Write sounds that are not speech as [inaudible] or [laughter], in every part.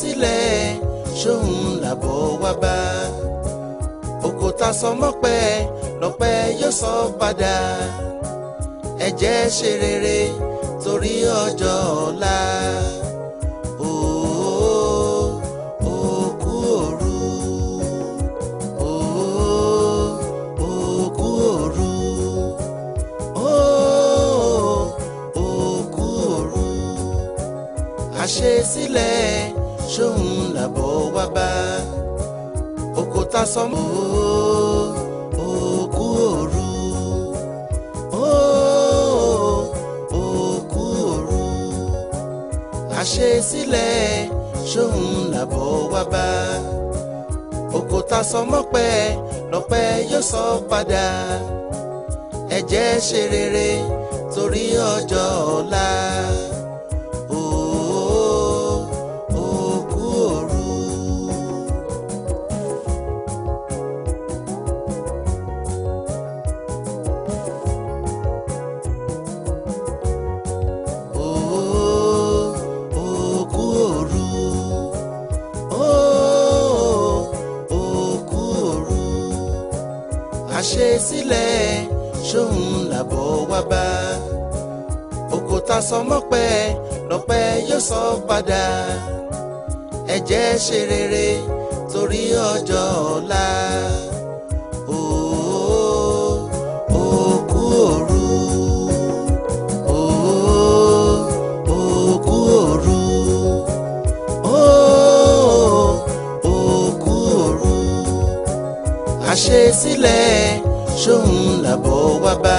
sílẹ̀ ṣóun làbọ̀ wá bá òkúta sọmọ́pẹ́ lọ́pẹ́ yóò sọ padà ẹ jẹ́ ṣe rere torí ọjọ́ ọ̀la. àṣesílẹ̀ ta sọmọ òkú òru òkú òru àṣesílẹ̀ ṣóun làbọ̀ wá bá òkúta sọmọpẹ lọpẹ yóò sọ padà ẹ ṣe rere torí ọjọ́ ọ̀la. ṣe rere torí ọjọ́ ọ̀la. àṣesílẹ̀ ṣóun làbọ̀ wá bá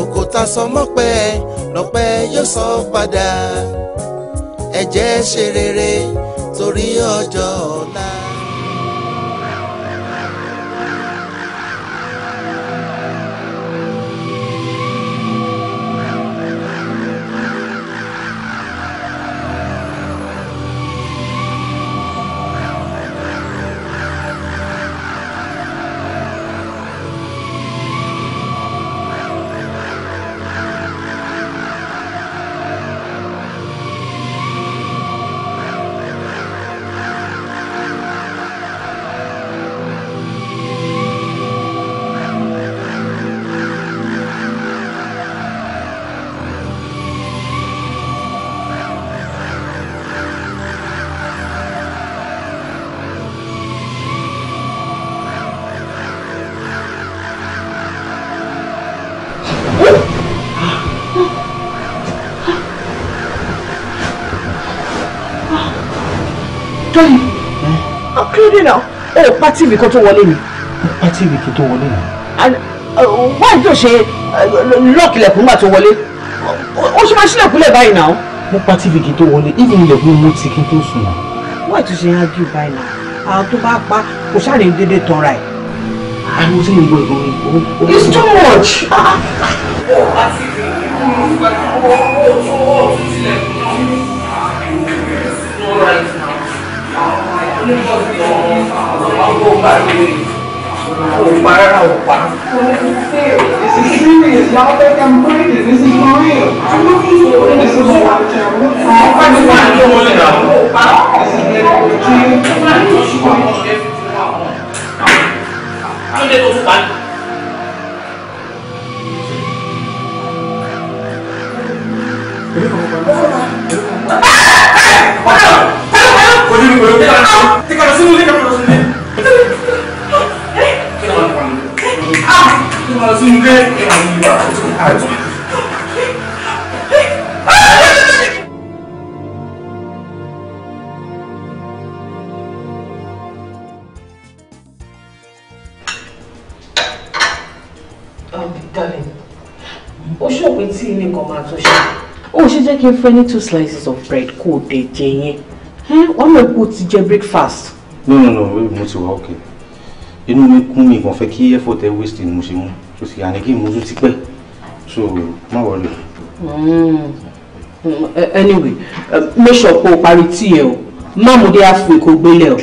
òkúta sọmọ́pẹ́ lọ́pẹ́ yóò sọ padà ẹ̀jẹ̀ ṣe rere torí ọjọ́ ọ̀la. Tọ́lí. Ah, kí ló dé náà? O ò pátì mi kó tó wọlé mi. O pátì mi tó wọlé mi. Uh, Wáyé tó ṣe uh, lọ́ọ̀kì lẹ̀kùn gbà tó wọlé. O ṣe máa ṣílẹ̀kùn lẹ̀ báyìí náà. Mo pátì mi kí tó wọlé. Ibi ilẹ̀kùn mo ti kí tó sùn. Wáyé tó ṣe yẹn á gé báyìí náà. Àwọn tó bá pa kò ṣáà ní dédé tọ́ra ẹ̀. Àwọn ah, tí mo gbọ́ ìgbọ́n mi. It's too much. O pátì mi kí tó wọlé. This is serious. Y'all think I'm crazy. This is for real. This is what I'm telling you. This is what I'm telling you. kí n two slices of bread cold day. dẹ̀ jẹ yẹn wọ́n mọ̀ pé o breakfast. no no no mo ti wá òkè inú mi kún mi kàn fẹ́ here for the wasting ni mo ṣe mú o sì to kí mo So, ti worry. Hmm. anyway eh, make sure pé o parí tíì ẹ o má mo dé halfway kó o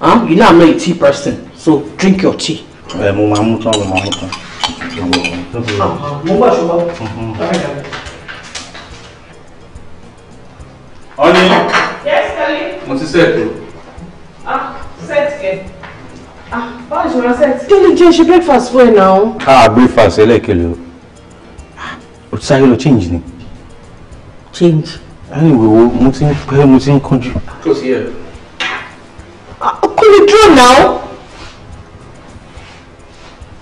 ah, you know i'm not a tea person so drink your tea. ẹ eh, mo máa mú tán mo máa mú tán. Ah, mo bá ṣọwọ́. Mm-hmm. Honey. Yes, Kelly. Mo ti set o. Ah, set kẹ. Ah, báwo ṣe máa set? Kelly jẹ́ ṣe breakfast fún ẹ náà. Ká breakfast ẹlẹ́kẹ̀lẹ́ o. O ti sáré lọ change ni. Change. Anyway, wo mo ti ń pẹ́ mo ti ń kánjú. Kò sí ẹ̀. Ah, kò lè dúró náà.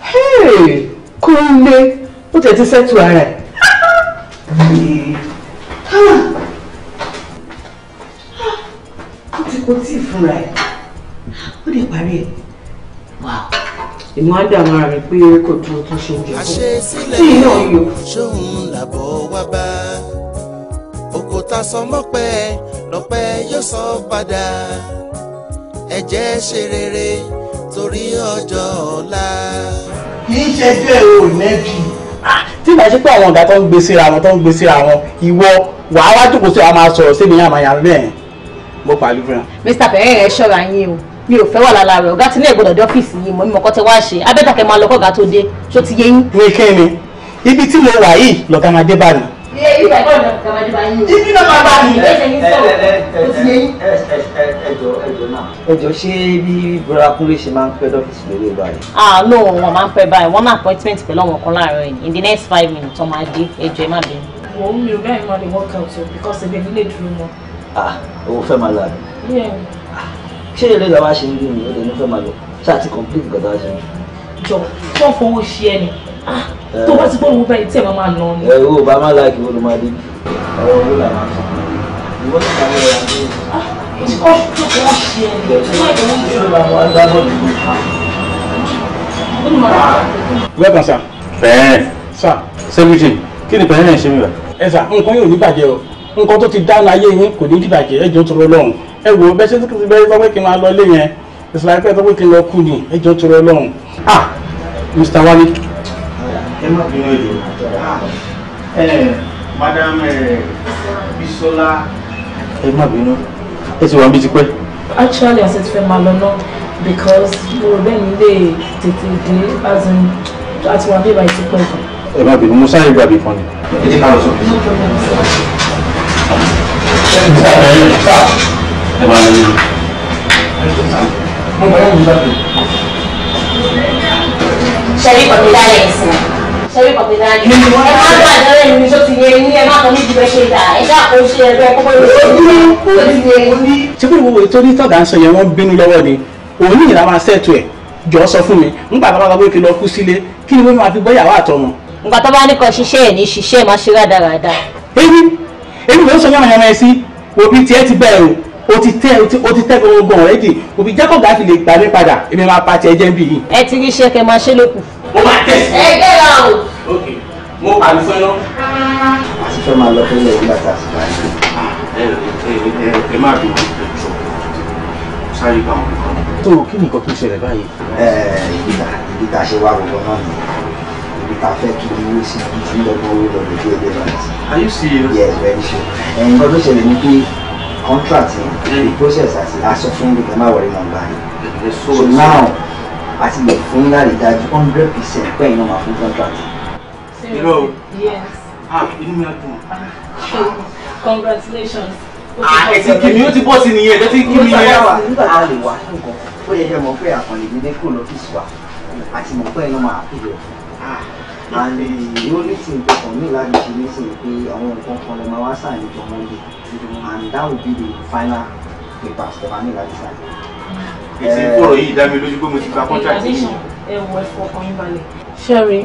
Hey, kò ń lé. Ó tẹ̀ ti sẹ́tù ara ẹ̀. [laughs] Ah, kò tí ì fúnra ẹ̀ ó lè parí ẹ̀ wà. èmi á dààmú ara mi pé eré kò tó tó ṣe ń jẹ fún tí iná yọ. ṣóun làbọ̀ wá bá òkúta sọmọ́pẹ́ lọ́pẹ́ yóò sọ padà ẹ ṣe rere torí ọjọ́ ọ̀la. kì í ṣe jẹ́ ò nẹ́bí. Ah, tí ìgbà ṣe pé àwọn ọ̀gá tó ń gbé síra wọn tó ń gbé síra wọn ìwọ wàá wá jókòó sí àwọn máa sọ̀rọ̀ sí mi yàmàyàmẹ́ ẹ̀ mo pàlú fún ẹ. mr bẹ̀rẹ̀ ẹ ṣọ́ra yín o mi ò fẹ́ wà lára rẹ̀ ọ̀gá tí ní ẹ̀gbọ́dọ̀ dé ọ́fíìsì yìí mo ní mọ̀kọ́ tẹ wá ṣe abẹ́tàkẹ́ máa lọ kọ́gà tó dé ṣó ti yé yín. ní kí ni ibi tí mo wà yìí lọ́gá máa dé báyìí. iye ibà ìbọn lọ́gá máa dé báyìí. ibi náà máa bá mi. ẹjọ ṣé bí bùrọ̀dá kúnlé ṣe máa ń pẹ́ lọ́fíìsì lórí báyìí. ah no wọn máa ń pẹ́ báyìí wọn máa appointment pẹ̀lú àwọn kan láàárọ̀ yìí in the next five minutes ọmọ adé ẹjọ ẹ má bẹ̀rù. mo ń mi ò bẹ́ẹ̀ mọ́ ni workout o because ẹgbẹ́ mi lè dúró mọ́. Ah, owó fẹ́ máa lọ àbí. Ah, ṣé ilé ìlà wa ṣe ń gbìyànjú ó lè ní fẹ́ máa lọ ṣáà ti complete nǹkan tó wá ṣe ń. jọ tó ń fowó ṣe ẹni ah, tó bá ti gbọ́ owó báyìí tí ẹ̀ máa máa nà ni. ẹ eh, owó bá máa láàkì owó ló máa dé ọ̀rọ̀ owó là máa sọ ìwọ ní ìgbà mẹ́rin àti ìkọ́ tó fowó ṣe ẹni wẹ́ẹ̀kan sá. bẹ́ẹ̀ sá. seventeen kí ni pẹ̀lú ẹ̀ ṣe mi wá. ẹ sá nǹkan yóò ní bàjẹ́ o nǹkan tó ti dáná ayé yín kò ní dìbàjẹ́ ẹjọ́ tó rọ lọ́hùn ẹ wò ó bẹ́ẹ̀ ṣe ti bẹ́ẹ̀ sọ pé kí n máa lọ ilé yẹn ìsìlẹ̀ pé tó pé kí n lọ kú ni ẹjọ́ tó rọ lọ́hùn ah Mr. Wale. ẹ má bínú ẹ jù ẹ ah, eh, madam eh, Bisola ẹ má bínú ẹ ti wà níbi tipẹ́. actually àṣẹ ti fẹ́ máa lọ náà because mo rò bẹ́ẹ̀ ni lè tètè dé àti wà bí ìbá ìtìpẹ́ kan. ẹ má bínú mo sáré gbàgbé kan ni. ẹ jẹ́ ká lọ sọ. no problem sir ṣẹ́rí pọ̀ mi lálẹ́ ìsìn ṣẹ́rí pọ̀ mi lálẹ́ ìsìn ẹ má gbà lọ́rẹ́ mi tó ti yẹ ní ẹ má kọ́ ní ìdìbò ṣe dà ẹ ṣáà kó ṣe ẹgbẹ́ kọ́kọ́ ló ṣe tó ti yẹ ní. ṣé kí gbogbo ètò onítọ̀gá yẹn wọ́n bínú lọ́wọ́ ni òun ní ìlànà sẹ́ẹ̀tù ẹ̀ jọ sọ fún mi nígbà tó bá bá bóyá kí lọ kú sílé kí ni wọ́n máa fi bọ́ yàrá àtọmọ. nígbà tó bá ní kan ṣiṣẹ́ ẹ̀ ní ṣiṣẹ́ máa ṣe rádaràda. èyí èmi ló ń sọ yàmà yàmà ẹ sí òbí tiẹ̀ ti bẹ̀rù o ti tẹ o ti tẹ gbogbo ọ̀rẹ́ dì òbí jákòó gàfi lè gbà mí padà èmi máa pa tiẹ̀ jẹ́ bí yìí. ẹ ti rí iṣẹ́ kẹ máa ṣe lókun. mo máa tẹ̀sí. ẹ gbé ra o. ok mo pa mi sọ́nà. àti fẹ́ máa lọ fẹ́lẹ̀ nígbà tá a sì máa ṣe. ẹ ẹ ẹ má bí wọn ṣe jọ sáré bá wọn. tó o kí ni nǹkan tó ṣẹlẹ̀ báyìí. ẹ ìdí tá a ṣe wá gbogbo náà nìyẹn fẹ́ kí ni wí sí ibi tí lọ́gbọ́n owó lọ́dún Are you serious? Yes, very sure. And kan tó ṣẹlẹ̀ ni pé contract yẹn mm. the process àti aṣọ fún mi kẹ́ máa wọlé nọ́mbà yẹn. So now àti lè fún láti dájú hundred percent pé iná máa fún contract. Hello. Yes. Ah, inú mi á dùn. Ah, congratulations. Ah, ẹ ti kí mi, ó ti bọ́ sí nìyẹn, ẹ ti kí mi yẹn. Nígbà tá a lè wá nǹkan, ó yẹ kí ẹ mọ̀ pé àkànlè mi dé kúrò lọ́fíìsì wa àti mọ̀ pé iná máa fi lọ. Ah and the only thing tó kàn mí láti ṣe nísìnyí pé àwọn nǹkan kan lè máa wá sáà ní jọmọ lè and that will be the final paper tó máa ní láti sáà. èsì ìfọ̀rọ̀ yìí dá mi lójú pé mo ti gba contract yìí. ẹ wọ ẹ yín balẹ̀. ṣẹ́rí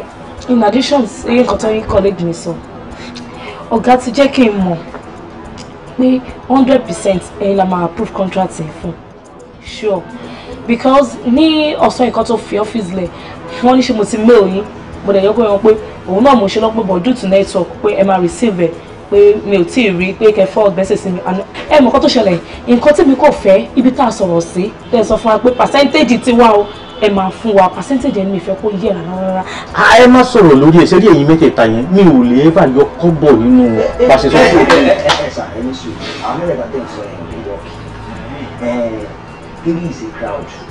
in addition sí nǹkan tó yín college mi sọ ọ̀gá ti jẹ́ kí n mọ̀ pé hundred percent ẹ̀yin la máa approve contract yẹn fún sure because ní ọ̀sán ìkan tó fi ọ́fíìsì lẹ̀ wọ́n ní ṣe mo ti mail yín mo dẹ̀ yẹ kó pé òun náà mo ṣe lọ́pọ̀ bọ̀ due network pé ẹ máa receive ẹ̀ pé mi ò tí ì rí pé kẹfọ́ ọ̀gbẹ́sẹ̀ sí mi àná ẹ mọ̀ nǹkan tó ṣẹlẹ̀ nǹkan tí mi kò fẹ́ ibi tá a sọ̀rọ̀ sí tẹ́ ẹ sọ fún wa pé percentage ti wá o ẹ máa fún wa percentage ẹni mi fẹ́ kó yẹ rárá. ẹ má sọ̀rọ̀ lórí ẹsẹ̀ rí ẹ̀yin mẹ́tẹ̀ẹ̀ta yẹn mi ò lè ẹ́ bá yọ kọ́bọ̀ nínú pàṣẹ eh, eh, sọ́kùnrin. Eh, ẹ ẹ ẹ sà ẹ ní sùn àwọn mẹ́rẹ̀ẹ́dá tẹ̀ ń sọ ẹ̀ ń lè wọ́ọ̀kì ẹ̀ there is a crowd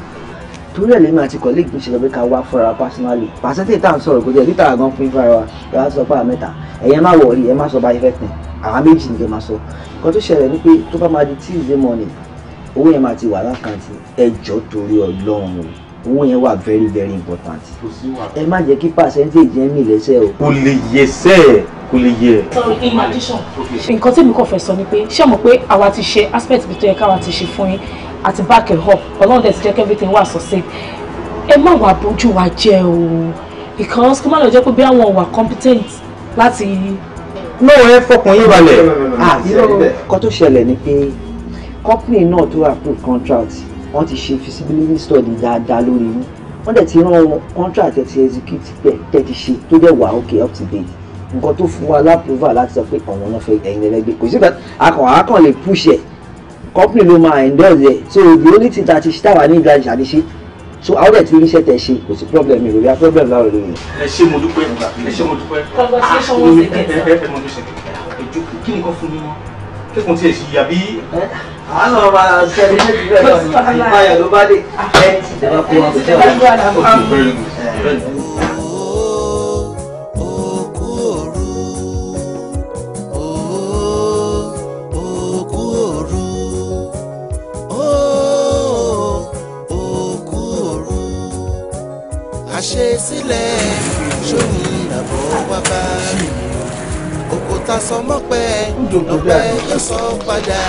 torí ẹ̀ lèmi àti colleague mi ṣe lọ pé ká wá fúnra personally pàṣẹ́tì tá à ń sọ̀rọ̀ kò tẹ̀ lítà gan fún fúnra wa ẹ wá sọ pé àwọn mẹ́ta ẹ̀yẹ má wọ̀ ẹ̀ má sọ bá ifẹ̀ pin àwọn méjì nìkan máa sọ nǹkan tó ṣẹlẹ̀ ni pé tó bá máa di Tuesday morning owó yẹn máa ti wà lákàntì ẹjọ́ torí Ọlọ́run owó yẹn wà very very important ẹ má jẹ́ kí percentage yẹn mì lẹ́sẹ̀ o. kò lè yẹ sẹ́ẹ̀ kò lè yẹ. in addition nǹkan tí mi kò fẹ́ sọ ni pé ṣé mo pé àwa ti ṣe aspect bí tó yẹ káwa ti ṣe fún yín àti back ẹ̀ up ọlọ́run dẹ̀ ti jẹ́ kí everything wà sọ́sẹ̀ ẹ má wàá bójú wa jẹ́ o because kí má lọ jẹ́ pé bí àwọn wà competent láti. náà ẹ fọkàn yín balẹ̀ kọ́ tó ṣẹlẹ̀ ni pé company náà tó approve contract wọ́n ti ṣe feasibility study dáadáa lórí yín wọ́n dẹ̀ ti rán contract ẹ̀ ti execute bẹ́ẹ̀ tẹ̀ ti ṣe tó dẹ̀ wà okay up to date nǹkan tó fún wa lápúvà láti sọ pé ọ̀wọ́n náà fẹ́ ẹ̀yin ẹlẹ́gbẹ́ kò sí kan akọ̀ akọ̀ lè push ẹ̀ company ló máa endorse ẹ̀ so the only thing that is ti ṣe táwa ní ìgbà ìṣàlẹ̀ so àwọn dẹ̀ ti rí iṣẹ́ tẹ̀ ṣe kò sí problem mi rògbà problem láwọn lóyún. ẹ ṣé mo dúpẹ́ ẹ ṣé mo dúpẹ́ congratulations once again. ẹ ẹ mo dúpẹ́ ẹjọ kí ni kò fún mi mọ́ kẹ́kùn tí ẹ ṣì yà bí. àánú ọba sẹ́ni méjì bẹ́ẹ̀ lọ ní ìpayà ló bá dé. ẹ ẹ bá kó wọn kó jẹ́ wọn. ṣe sílẹ̀ ṣóhun ìdàbọ̀ bàbá òkúta sọmọpẹ lọpẹ yóò sọ padà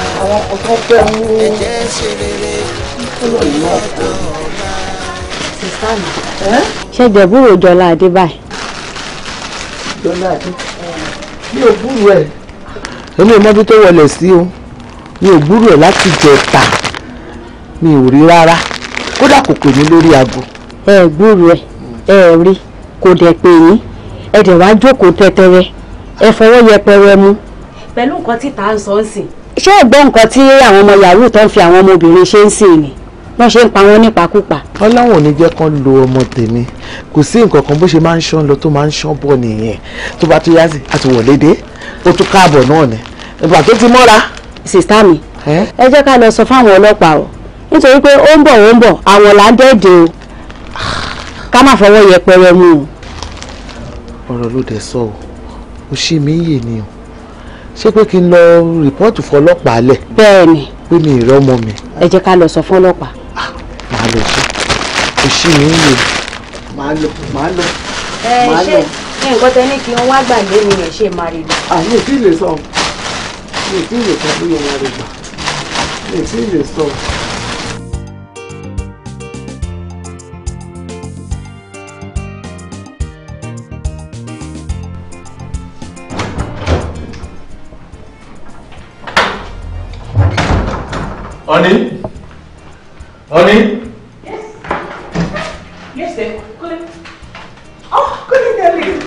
ẹjẹ ṣe rere ìyá dọ̀ọ̀la. ṣẹ̀jẹ̀ búrò jọlá adé báyìí. jọlá adé mi ò búrò ẹ̀. èmi ò mọ́bí tó wọlé sí o mi ò búrò ẹ̀ láti jẹ̀ta mi ò rí rárá kódà kò pè mí lórí aago. ẹ gbúrò ẹ ẹ rí kò dẹ̀ pè yín ẹ dẹ̀ wá jókòó tẹ́tẹ́rẹ́ ẹ fọwọ́ yẹpẹrẹ mú. pẹ̀lú nǹkan tí tà ń sọ ń sìn. ṣé ẹ gbọ́ nǹkan tí àwọn ọmọ yahoo tó ń fi àwọn ọmọbìnrin ṣe ń sìn ni wọ́n ṣe ń pa wọn nípakúpa. ọlọ́run ò ní jẹ́ kán lo ọmọ tèmi kò sí nǹkan kan bó ṣe máa ń ṣán lọ tó máa ń ṣán bọ̀ nìyẹn tó bá tó yá sí àti wọ̀lédè ó tún káàbọ̀ náà ni ìgbà tó ti mọ́ra. sista mi ẹ jẹ́ ká lọ sọ fáwọn ọlọ́pàá o nítorí pé ó ń bọ̀ ó ń bọ̀ àwọn là ń dẹ́ẹ̀dẹ̀ o ká má fọwọ́ yẹpẹrẹ mú un. ọ̀rọ̀ ló dẹ̀ sọ ò ṣì mí yè ni o ṣé pé kí n lọ rìpọ́ọ̀tù fọlọ́pàá lẹ̀. bẹ́ẹ̀ni. pé mi ìrẹ́ ọmọ mi. ẹ jẹ́ ká lọ sọ fọlọ́pàá. màá lọ sí o sí mi ń lò. màá lọ màá lọ. ẹ ṣe nǹkan tẹ ní kí n wá gbàgbé mi yẹn ṣe máa rí lọ. àmì ìdílé sọ mi ìdílé sọ bí mo máa rí gbà mi ìdílé sọ. Honey? Yes? Yes, sir. Colin. Oh, Colin, darling.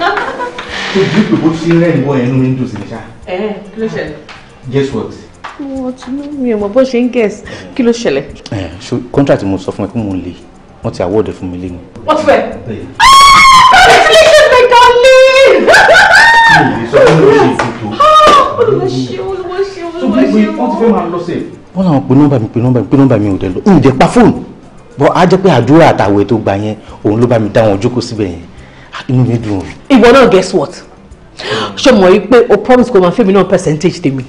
Ojú pé bó ti rẹ́rìn wọ ẹnu window sí ni ṣá. Ẹ kí ló ṣẹlẹ̀? Guess what? What? Mi ò mọ bó ṣe ń guess. Kí ló ṣẹlẹ̀? Ẹ eh, ṣo contract mo sọ fún ẹ pé mo ń le. Wọ́n ti award fún mi lé mi. Wọ́n ti fẹ́. Congratulations my darling! Kí ló ṣe olùwọ́ṣe olùwọ́ṣe olùwọ́ṣe? Sọ fún mi wọ́n ti fẹ́ máa lọ sí ẹ̀ wọ́n làwọn pe nọ́mbà mi pe nọ́mbà mi pe nọ́mbà mi ò dẹ̀ lọ ń dẹ̀ pa fóònù bọ́ á jẹ́ pé àdúrà àtàwẹ̀ tó gbà yẹn òun ló bá mi dá wọn jókòó síbẹ̀ yẹn ah, inú mi dùn. ìwọ náà guess what ṣé mo rí pé o promise kò máa fẹ́ mi náà percentage tèmi.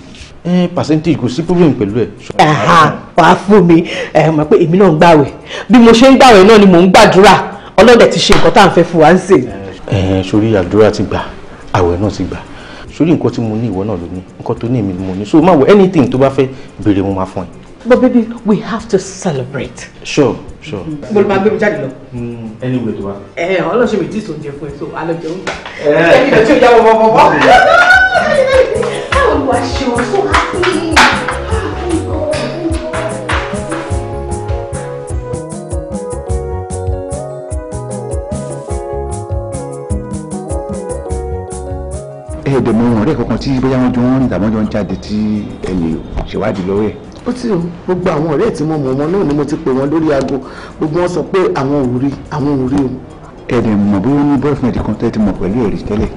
ẹ percentage kò sí problem pẹ̀lú ẹ. wàá fún mi ẹ mọ̀ pé èmi náà ń gbàwẹ̀ bí mo ṣe ń gbàwẹ̀ náà ni mò ń gbàdúrà ọlọ́dẹ ti ṣe nǹkan tá à ń fẹ́ fún wa ń sè. ẹ sórí àdúrà ti gbà àwẹ̀ náà ti gbà sórí nǹkan tí mo ní ìwọ náà ló ní nǹkan tó ní èmi mo ní so má wọ anything tó bá fẹ́ béèrè mo máa fún ẹ. but baby we have to celebrate. sure sure. Mm. mo ló máa gbé mi jáde lọ. ẹni wo ètò wa. ẹ ẹ ọlọsẹ mi tí ì fún ẹ so alẹ jẹun. ẹ eh. ẹ ẹni tí ò yá wọ fọfọfọ. [laughs] báwo ni wàá ṣe wọn so high. ẹ̀dẹ̀ mọ ọ̀rẹ́ kankan tí bóyá wọ́n jọ ń rìn tàbí wọ́n jọ ń jáde tí ẹ lè ṣèwádìí lọ́wọ́ ẹ̀. ó ti o gbogbo àwọn ọ̀rẹ́ tí mo mọ̀ wọn náà ni mo ti pè wọn lórí aago gbogbo wọn sọ pé àwọn ò rí àwọn ò rí o. ẹ̀dẹ̀ mọ̀ bí wọ́n ní boyfriend kan tẹ́ ti mọ̀ pẹ̀lú ẹ̀rí tẹ́lẹ̀.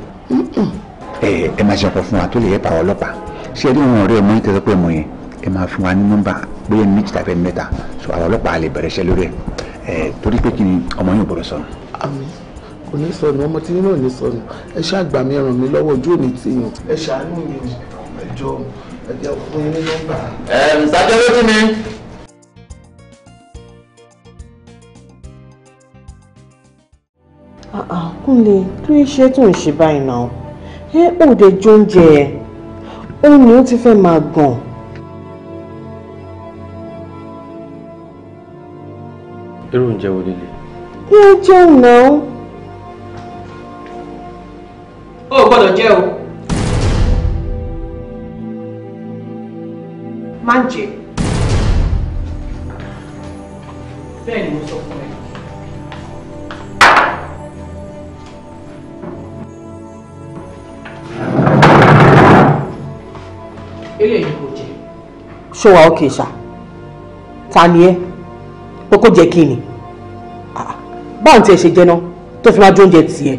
ẹ máa ṣe ọkọ fún wa tó lè yẹ pa ọlọ́pàá ṣé ẹni àwọn ọ̀rẹ́ mọ́ ìtẹ́sọ́ pé mọ̀ yẹn ẹ máa fún wa ní nọ́mbà bóyá méjì tàbí mẹ́ta so àwọn ọlọ́pàá lè bẹ̀rẹ̀ iṣẹ́ lórí ẹ̀ torí pé kí ni ọmọ yóò gbọ́dọ̀ sọnù kò ní sọnù ọmọ tí nínú ò ní sọnù ẹ ṣàgbà mi ràn mí lọ́wọ́ ojú òní ti yàn. ẹ ṣàánú mi o ẹjọ ẹjẹ fún yín ní nọ́mbà. ẹ ǹsàjọ ló fún mi. Kúnlé kí ló ṣe tó ń ṣe báyìí náà ẹ òde jóúnjẹ ẹ òun ni ó ti fẹ́ máa gàn. irú oúnjẹ wo lélẹ̀. ẹ jẹun náà ó gbọ́dọ̀ jẹ́ o. má jẹ. bẹ́ẹ̀ ni mo sọ fún ẹ. eléyìí kò jẹ. ṣó wa ókè ṣá ta ni ẹ kókó jẹ kí ni ah, báwo ni tiẹ̀ ṣe jẹ náà tó fi máa jóúnjẹ tiẹ̀.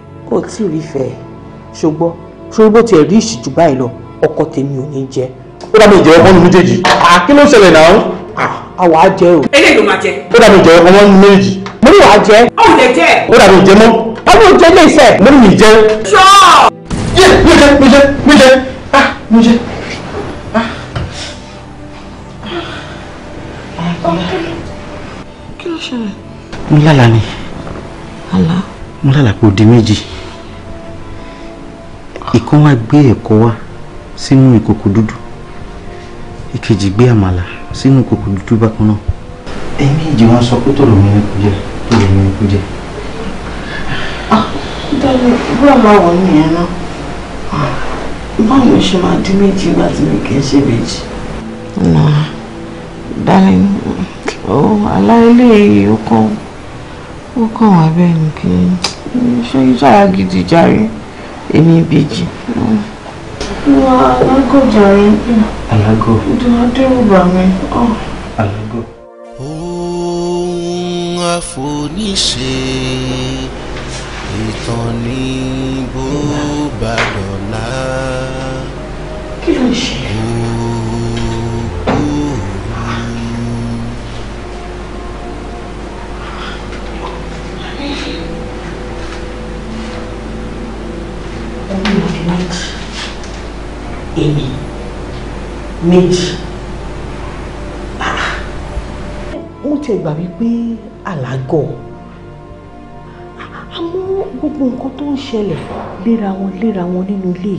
ò tí ì rí fẹ́ ṣùgbọ́n ṣòro bó tiẹ̀ rí ìṣìjú báyìí lọ ọkọ tèmi ò ní jẹ. ó dàbí ìjẹ́ ọkọ nínú méjèèjì. kí ló ń ṣẹlẹ̀ náà. àwa á jẹ o. eléyìí ló máa jẹ. ó dàbí ìjẹ́ ọkọ nínú méjèèjì. mo ní wàá jẹ. ó lè jẹ. ó dàbí ìjẹ mọ́. ọmọ ìjẹ lè sẹ. mo ní mi jẹ. sọ. yẹ mi jẹ mi jẹ mi jẹ ah mi jẹ. kí ló ṣẹlẹ̀. mo lálàá ni. àlá. mo lálàá kó di méjì ìkan wá gbé ẹ̀kọ wá sínú ìkòkò dúdú ìkejì gbé àmàlà sínú ìkòkò dúdú bákan náà. èmi ìjì wọn sọ pé tòrò mi ní kú jẹ tòrò mi ní kú jẹ. Ah, dáre búra máa wọ nìyẹn náà ah, báwo ṣe máa dín méjì nígbà tí mi kì í ṣe méjì. nà dáre ó aláìlé ó kàn ó kàn wá bẹ́ẹ̀ ni kì í ṣe iṣẹ́ ara gidi járe èmi ìbejì. wà á alágò jàre. alágò. dùnádẹ́rùbà mi. alágò. ohun àfoníṣe ìtàn ní bó bá dọ̀la. kí ló ń ṣe. méjì èmi méjì wọ́n ti gbà wípé àlágọ̀ àmọ́ gbogbo nǹkan tó ń ṣẹlẹ̀ léra wọn léra wọn nínú ilé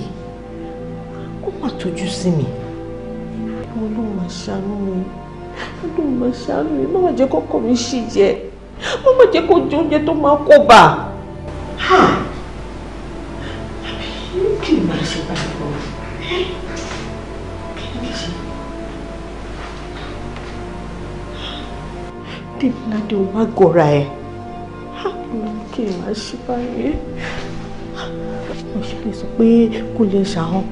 ó mà tójú sí mi ọlọ́run máa ṣàánú mi ọlọ́run máa ṣàánú mi má má jẹ́ kọ́kọ́ mi ṣì jẹ́ má jẹ́ kó jẹ oúnjẹ tó máa kó bà Dèmíládé ò wá gọ̀ra ẹ̀. Àbúrò kí n máa ṣe báyìí. Mo ṣe lè sọ pé kò lè ṣàhàn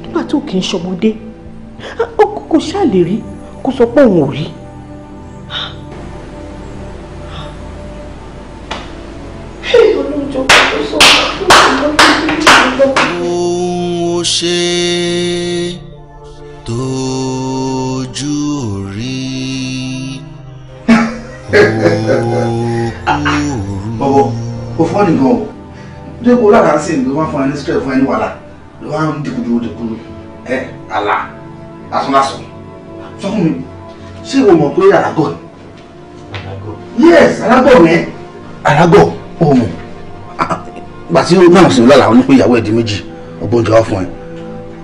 nígbà tí ò kì í ṣọmọdé. Ó kò ṣáà lè rí kó sọ pé òun ṣé kó lára sí ìlú wọn fún ẹni stress fún ẹni wàhálà ló wá ń dìkudù dìkudù ẹ àlà lásánlásán sọ fún mi ṣé o mọ̀ pé àlágọ̀ ni yes àlágọ̀ ni àlágọ̀ o mọ̀ gbà tí ó náà sì ń lálàá ní pé ìyàwó ẹ̀ di méjì ọgbọ́n jọ wá fún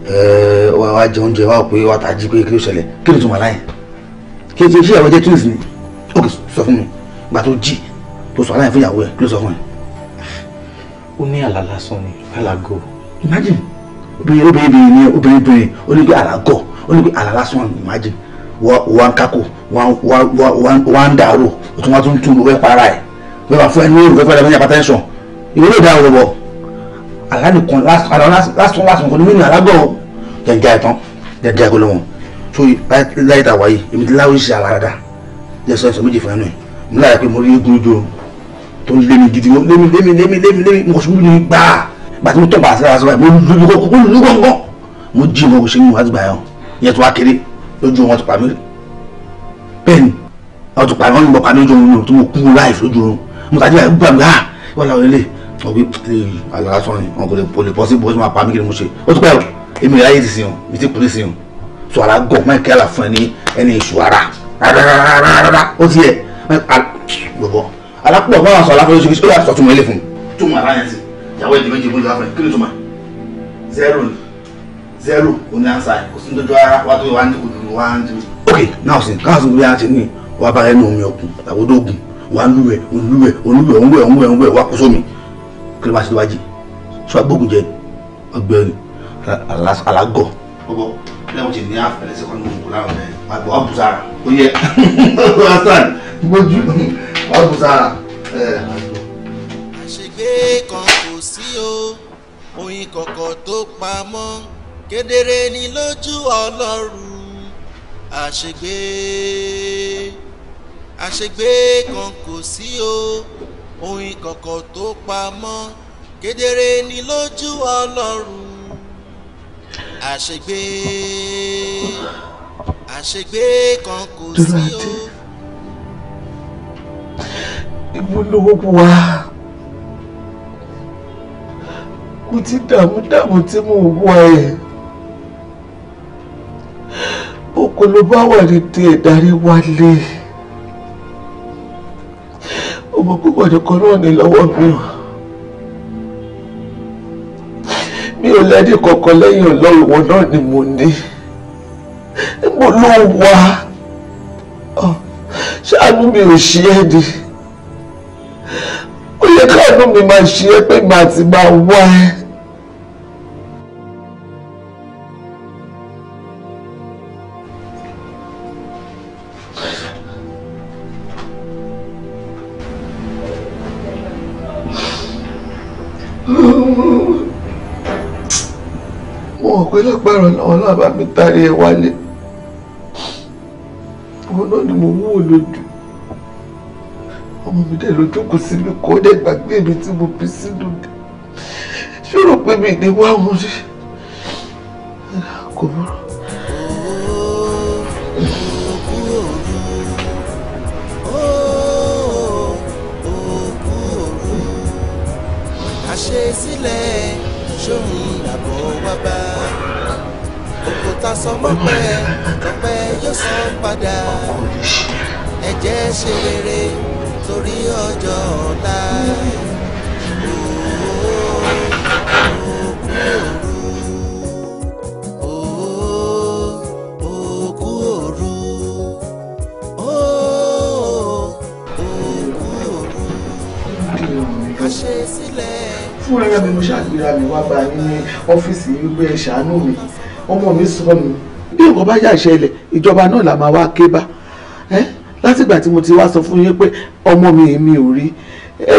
ẹ wà wá jẹ oúnjẹ wá pé wà tá a jí pé kí ló ṣẹlẹ̀ kí ló tún wà láyé kí ló ṣe ìyàwó jẹ twins ni ó kì í sọ fún mi gbà tó jí tó sọ aláyẹ ìyàwó ẹ kí ló sọ fún ẹ ó ní àlá lásán ni alágọ. imagine obìnrin obìnrin ni obìnrin obìnrin ó ní pé àlágọ ó ní pé àlá lásán ni imagine wà ń kákò wà ń dàrú o tún wá tún tún wẹ́ para ẹ̀ wẹ́ wà fún ẹnu ìrù fẹ́fẹ́ lẹ́yìn hypertension ìwé lè dá ọ̀rọ̀ bọ̀ àlá nìkan lásán lásán kan ní mímu àlágọ̀ o jẹjẹ àìtán jẹjẹ àgọ́ lọ́wọ́ so láyé tàwa yìí èmi ti láwọ́ ìṣe àlá dáadáa jẹ́ sọ́yìn sọ méjì fún ẹnu ẹ̀ mo láyà pé mo rí eégún ojú oorun tó ń lé mi gidi lé mi lé mi lé mi lé mi lé mi nǹkan ṣubú mi gbà gbà tí mo tọ̀ bá aṣọ aṣọ báyìí mo lu kókó mo lu kókó mo jí mo ṣe mi wá ti gbà yẹn o ìyẹn tó wá kéré lójú wọn ti pa mí bẹ́ẹ̀ ni àwọn tó pa mí wọn ni mo pa mí lójú wọn tó mo kú láìf lójú wọn mo tàbí àyè gbà mí ah wọn làwọn ilé wọn bí alára sọrin wọn kò lè pọ lè pọ sí bó ṣe máa pa mí kí ni mo ṣe ó ti pẹ́ o èmi rẹ̀ ayé ti sìn o mi ti kú ní sìn o sọ ara gọ̀ máa kí àlàfo ẹni ẹni ìṣù ara rárá rárá rárá ó ti yẹ gbogbo alápò bá wà sọ alápò lóṣù kí ó yà sọ túmọ̀ ilé fún mi. túmọ̀ ara yẹn sí ìyàwó ẹ̀dẹ̀ méjì ìbújọ afẹ́ kí ló túmọ̀ zero ni zero òní ansa kò sí dojú ara wa tó wà ní kòtò wa ń dúró. ok náà sìn káà sùn bí a ti ní wàá bá ẹnu omi ọkùn àwọn olóògùn wà ń lúwẹ̀ olúwẹ̀ olúwẹ̀ òǹwẹ̀ òǹwẹ̀ òǹwẹ̀ wà kó sómi kí ló bá ṣe wájì sọ agbóògùn jẹ ọgbẹni alágọ. ọgbọ kílẹ̀ mo ti ní àfẹ́lẹ́sẹ̀ kan ní òǹkó láwọn ẹ̀ àgbọ̀ ọ̀bùsára ó yẹ wọ́n [laughs] sàn gbójú wọ́n kan kò sí o oyin kọ̀kọ̀ tó pamọ́ kedere ni lójú ọlọ́run àṣegbé àṣegbé kan kò sí o oyin kọ̀kọ̀ tó pamọ́ kedere ni lójú ọlọ́run àṣegbé àṣegbé kan kò sí o ìbò lówó bù wá mo ti dààmú dààmú tí mò ń wá ẹ oko ló bá wà ní ti ẹ̀dárí wálé ọmọ púpọ̀ nìkan náà ní lọ́wọ́ mi o mi ò lẹ́ni kankan lẹ́yìn ọlọ́run náà ni mo ní mo ló wá. Oh ṣáàánú mi ò ṣí ẹ́ ni ó yẹ káàánú mi máa ṣí ẹ́ pé màá ti máa wá ẹ́. mo mọ̀ pé lágbára náà lábàá mi tarí ẹ wálé náà ni mo wò lójú ọmọ mi dẹ̀ ló jókòó sínú kọ́ ọ́ dẹ̀ gbàgbé mi tí mo bí sínú dé ṣòro pé mi ní wá wọn rí kò bọ́. àṣe sílẹ̀ ṣòun làbọ̀ wá bá òkúta sọmọ́pẹ́ tọpẹ́ yóò san padà ẹ jẹ́ ṣe rere torí ọjọ́ ọ̀la. fún ara mi mo ṣàgbéra mi wá bá yín ní ọ́fíìsì yìí wípé ẹ ṣàánú mi ọmọ mi sọ mi bí nǹkan bá yà ṣẹlẹ̀ ìjọba náà là máa wá ké bá ẹ́ látìgbà tí mo ti wá sọ fún yín pé ọmọ mi èmi ò rí ẹ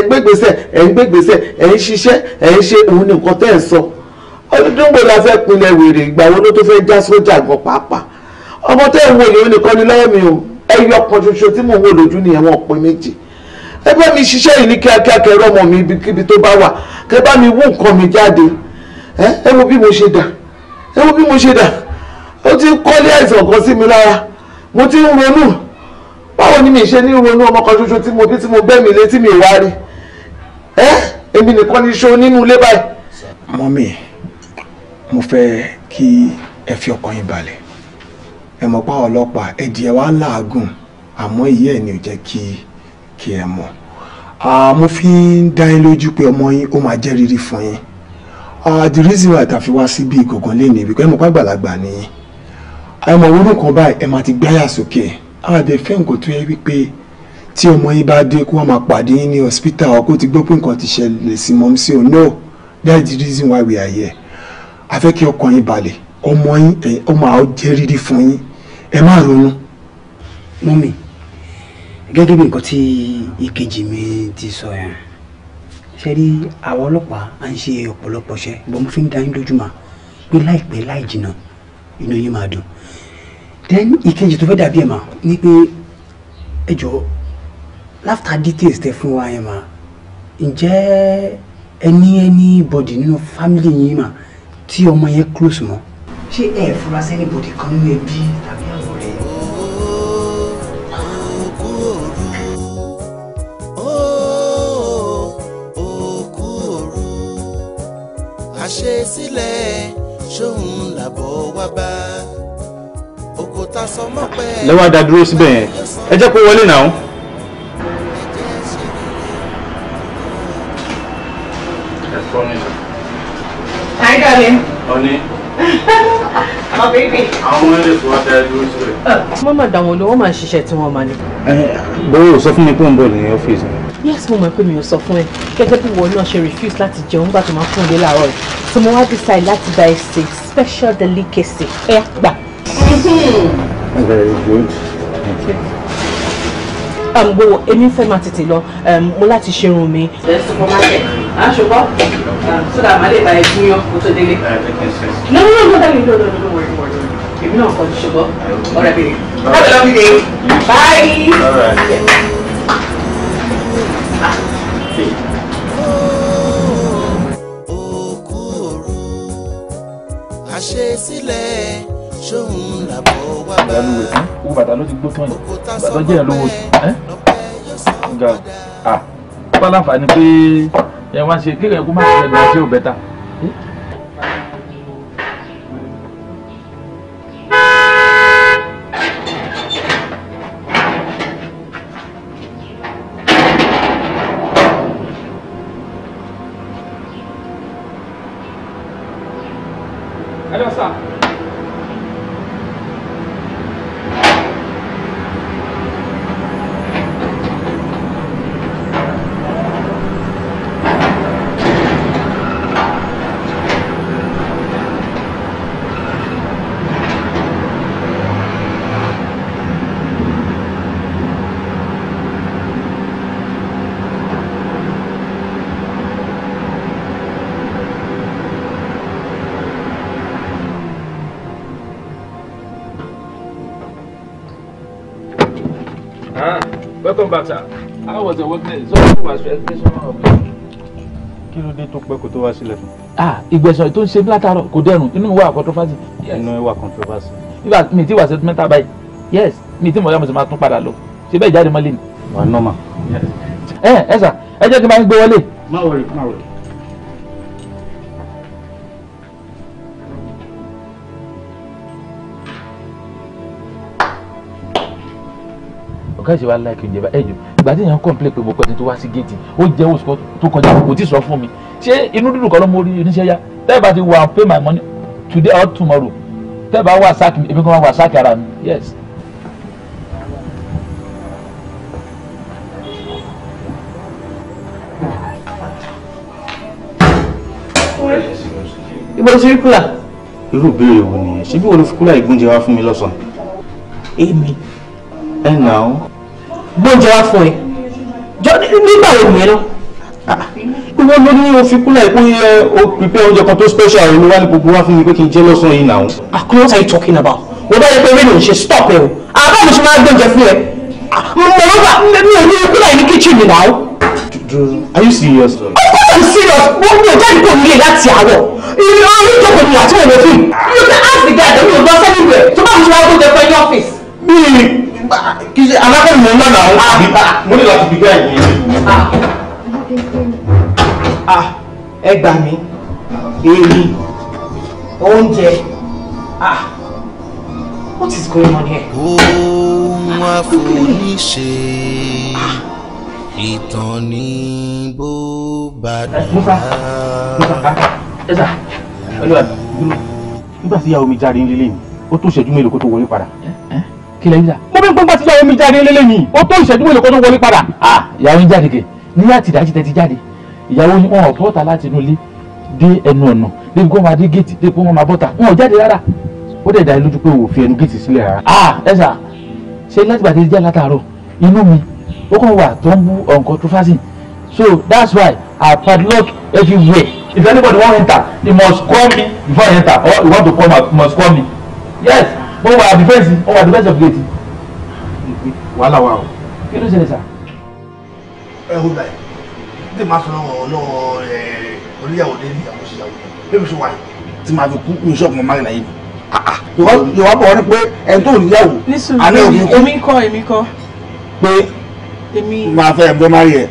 ń gbégbèsè ẹ ń gbégbèsè ẹ ń ṣiṣẹ́ ẹ ń ṣe òun ní nǹkan tẹ́ ẹ̀ sọ ọdún la fẹ́ pinlẹ̀ wèrè ìgbà wo ló tó fẹ́ já sójà gan pàápàá ọmọ tẹ́ ẹ̀ ń wò yìí nìkan ni lọ́wọ́ mi o ẹyọ kan ṣoṣo tí mò ń wò lójú nìyẹn wọn pé méjì ẹ bá mi ṣiṣẹ́ yìí ní kíákíá kẹrọ ọmọ mi ibikíbi tó bá wà kẹ bá mi wú nǹkan mi jáde ẹ wo bí mo ṣe dà ẹ wo bí mo ṣe dà ó ti kọ́lé àìsàn kan sí mi lára mo ti ń ronú báwo ni mi ṣe ní ronú ọmọ kan ṣoṣo tí mo bí tí mo gbẹ́mìí létí mi wá rí ẹ èmi nìkan ni ṣo nínú ilé báyìí. mọ́mí mo fẹ́ kí ẹ fi ọkàn yín balẹ̀ ẹ mọ̀ pa ọlọ́pàá ẹ̀jẹ̀ wa làágùn àmọ́ ìyá ẹ̀ ni ò jẹ́ kí kí ẹ mọ̀ mo fi ń dá yín lójú pé ọmọ yín ó máa jẹ́ rírí fún yín Ah, the reason why ta fi wá síbi ìkọ̀kan ni ní ibi pé mo pa àgbàlagbà ni àìmọ̀ orú kan báyìí ẹ máa ti gbáyà sókè àdè fẹ́ nǹkan tó yẹ wípé tí ọmọ yín bá dé kó wọ́n máa pàdé yín ní hospital ọkọ ti gbọ́ pé nǹkan ti ṣẹlẹ̀ sí mọ́ sí o no that's the reason why we are here a fẹ́ kí ọkàn yín balẹ̀ ọmọ yín ọmọ àwọn jẹ́ rírí fún yín ẹ má ronú. mọ́mì gẹ́gẹ́ bí nǹkan tí ìkejì mi ti sọ yẹn ṣe rí àwọn ọlọ́pàá à ń ṣe ọ̀pọ̀lọpọ̀ ṣẹ́ bọ́n mo fi ń dá yín pé láìpẹ́ láì jìnnà inú yín máa dùn then ìkejì tó fẹ́ dàbí ẹ̀ mà ni pé ẹ jọ láfta details tẹ fún wa ẹ̀ mà ǹjẹ́ ẹni ẹni bọ̀dì nínú fámìlì yín mà tí ọmọ yẹn close mọ́ ṣé ẹ fura sẹ́ni bọ̀dì kan nínú ẹbí tàbí ṣe sílẹ̀ ṣóun làbọ̀ wá bá òkúta sọmọ pẹ́. lẹ́wọ́n dá dúró síbẹ̀ yẹn ẹ jẹ́ kó wọlé náà. Hi, darling. Honey. [laughs] My baby. Àwọn ilé tó wá dáa dúró síbẹ̀. Wọ́n máa dà wọ́n lọ, wọ́n máa ṣiṣẹ́ tí wọ́n máa ní. Bọ́wọ́ sọ fún mi pé ó bọ̀ ní ọ́fíìsì yes mo mọ̀ pé mi ò sọ fún ẹ gẹ́gẹ́ bí wọn náà ṣe refuse láti jẹun nígbà tó máa fún mi láàárọ̀ yìí so mo wá decide láti gba ẹsẹ̀ special delicacy ẹ gbà. Hmm. very good. thank you. Um, gbogbo èmi fẹ́ máa tètè lọ um, mo láti ṣerun mi. ẹ supermarket à ń ṣokọ́ um, so that màá lè bá ẹ gúnyán kó tó délé. no no no dábìí no no no worry worry èmi náà kọ́ ṣokọ́ ọ̀rẹ́ mi. have a lovely day bye. All right. yeah. àṣesílẹ̀ ṣóun làbọ̀ wá bá. ìyálù rẹ̀ fún owó bàtà ló ti gbó tán yìí bàtà jẹ́ ìlú owó ẹ́ ga ọ́ bá láǹfààní pé ẹ wá ṣe kékeré kó má ṣe ẹ̀ kí ló dé tó pẹ́ kó tó wá sílẹ̀ fún. ah ìgbẹ̀sán tó ń ṣe látàárọ̀ kò dẹrùn inú mi wà controversy. inú ẹ wà controversy. ibà mi ti wà sentimental báyìí yes mi ti mọ̀ ọ́ yà mo sì máa tún padà lọ ṣe bẹ́ẹ̀ jáde mọ́lẹ̀ ni. wà á nọ́mà. ẹ ẹ sà ẹ jẹ́ kí n bá ń gbé wọlé. má wọlé má wọlé. ọ̀gá ìṣèwà láìkí ìjẹba ẹ̀jọ̀ ìgbà tí èèyàn kọ̀ǹplẹ̀ pé gbogbo ẹni tó wá sí géètì ó jẹ́ oṣù tó kọjá kò tí ì sọ fún mi ṣé inú dídùn kan ló mú orí oníṣẹ́ yá tẹ́ẹ̀ bá ti wà pay my money today or tomorrow tẹ́ẹ̀ bá wà sáàkì èmi kan wà sáàkì ara mi yes. ibo ló ti rí kúlà. irú ìbéèrè wo nìyẹn ṣé bí wo ló fi kúlà ìgúnjẹ wá fún mi lọ́sàn-án. èmi. ẹ nà ó gbóúnjẹ wá fún ẹ nígbà wo ah, ìwọ ló ní o fi kúnlẹ̀ pé o prepare oúnjẹ kan tó special ìlú wa ní gbogbo wa fún mi pé kí n jẹ lọ́sàn-án yìí náà. àkúrò what are you talking about? wọ́n bá yẹ pé rédíò ń ṣe stop ẹ o àbá ah, mi ṣe máa gbóúnjẹ fún ẹ ah, mo rọ́bà mi ò ní kúnlẹ̀ ní kíchìnì náà. are you serious? of course i'm serious wọ́n mi ò jáde kó nílé láti àárọ̀ ìrìn orí ìjókòó ni àtúwò lè fi. you can ask the guy dem yóò lọ sẹ́ni rẹ̀ tó bá mi ṣe máa gbóúnjẹ fún ẹ ní kì í ṣe alákọ̀ọ́ mọ̀ náà náà àbí mo ní láti fi bẹ́ẹ̀ yẹn. Ah. Ah, ẹ gbà mí èyí oúnjẹ ah, what is going on here. ohun àfoníṣe ìtàn ní bó bá eh, dá. ẹ sà olúwa eh. nígbà tí ìyàwó mi jáde nílé mi ó tó ṣẹ́jú mélòó kó tó wọlé padà. Eh, kílẹ̀ yín sà. mo fi ń gbọ́ngbọ́n tíyàwó mi jáde lélẹ̀ ni ó tó ìṣẹ́jú mélòó kó tó wọlé padà. ìyàwó yín jáde kẹ ní àtìdájí tẹ ti jáde ìyàwó yín wọn ò bọ́ta láti inú ilé dé ẹnu ọ̀nà débi kó máa dé géètì débi kó máa bọ́ta wọn ò jáde rárá ó dẹ̀ dá yín lójú pé wò fi ẹnu géètì sílẹ̀ rárá. ẹ sà ṣe látìgbà tẹ ti já látàárọ̀ inú mi ó kàn wà tó ń bú uncontroversy so that's why i padlock everywhere if anybody wan enter he must call me before he enter or he want to come out he must call me yes ó wà àdìfẹ́ǹsì ó wà àdìfẹ́ǹsì ọ̀f gẹ̀ẹ́tì. wàhálà wa o. kí ló ṣẹlẹ̀ sà. ẹ wo báyìí tí màá sọ lọ́wọ́ lọ́wọ́ oníyàwó dé ìyàwó ṣìyàwó bébí ṣe wà yìí tí màá fi kú ní ṣọ́ọ̀bù mọ́ máyìnà yìí yọ̀wá bọ̀ wọ́n ní pé ẹni tó níyàwó àná èmi kọ́ èmi kọ́ pé máa fẹ́ ẹgbẹ́ máa rí ẹ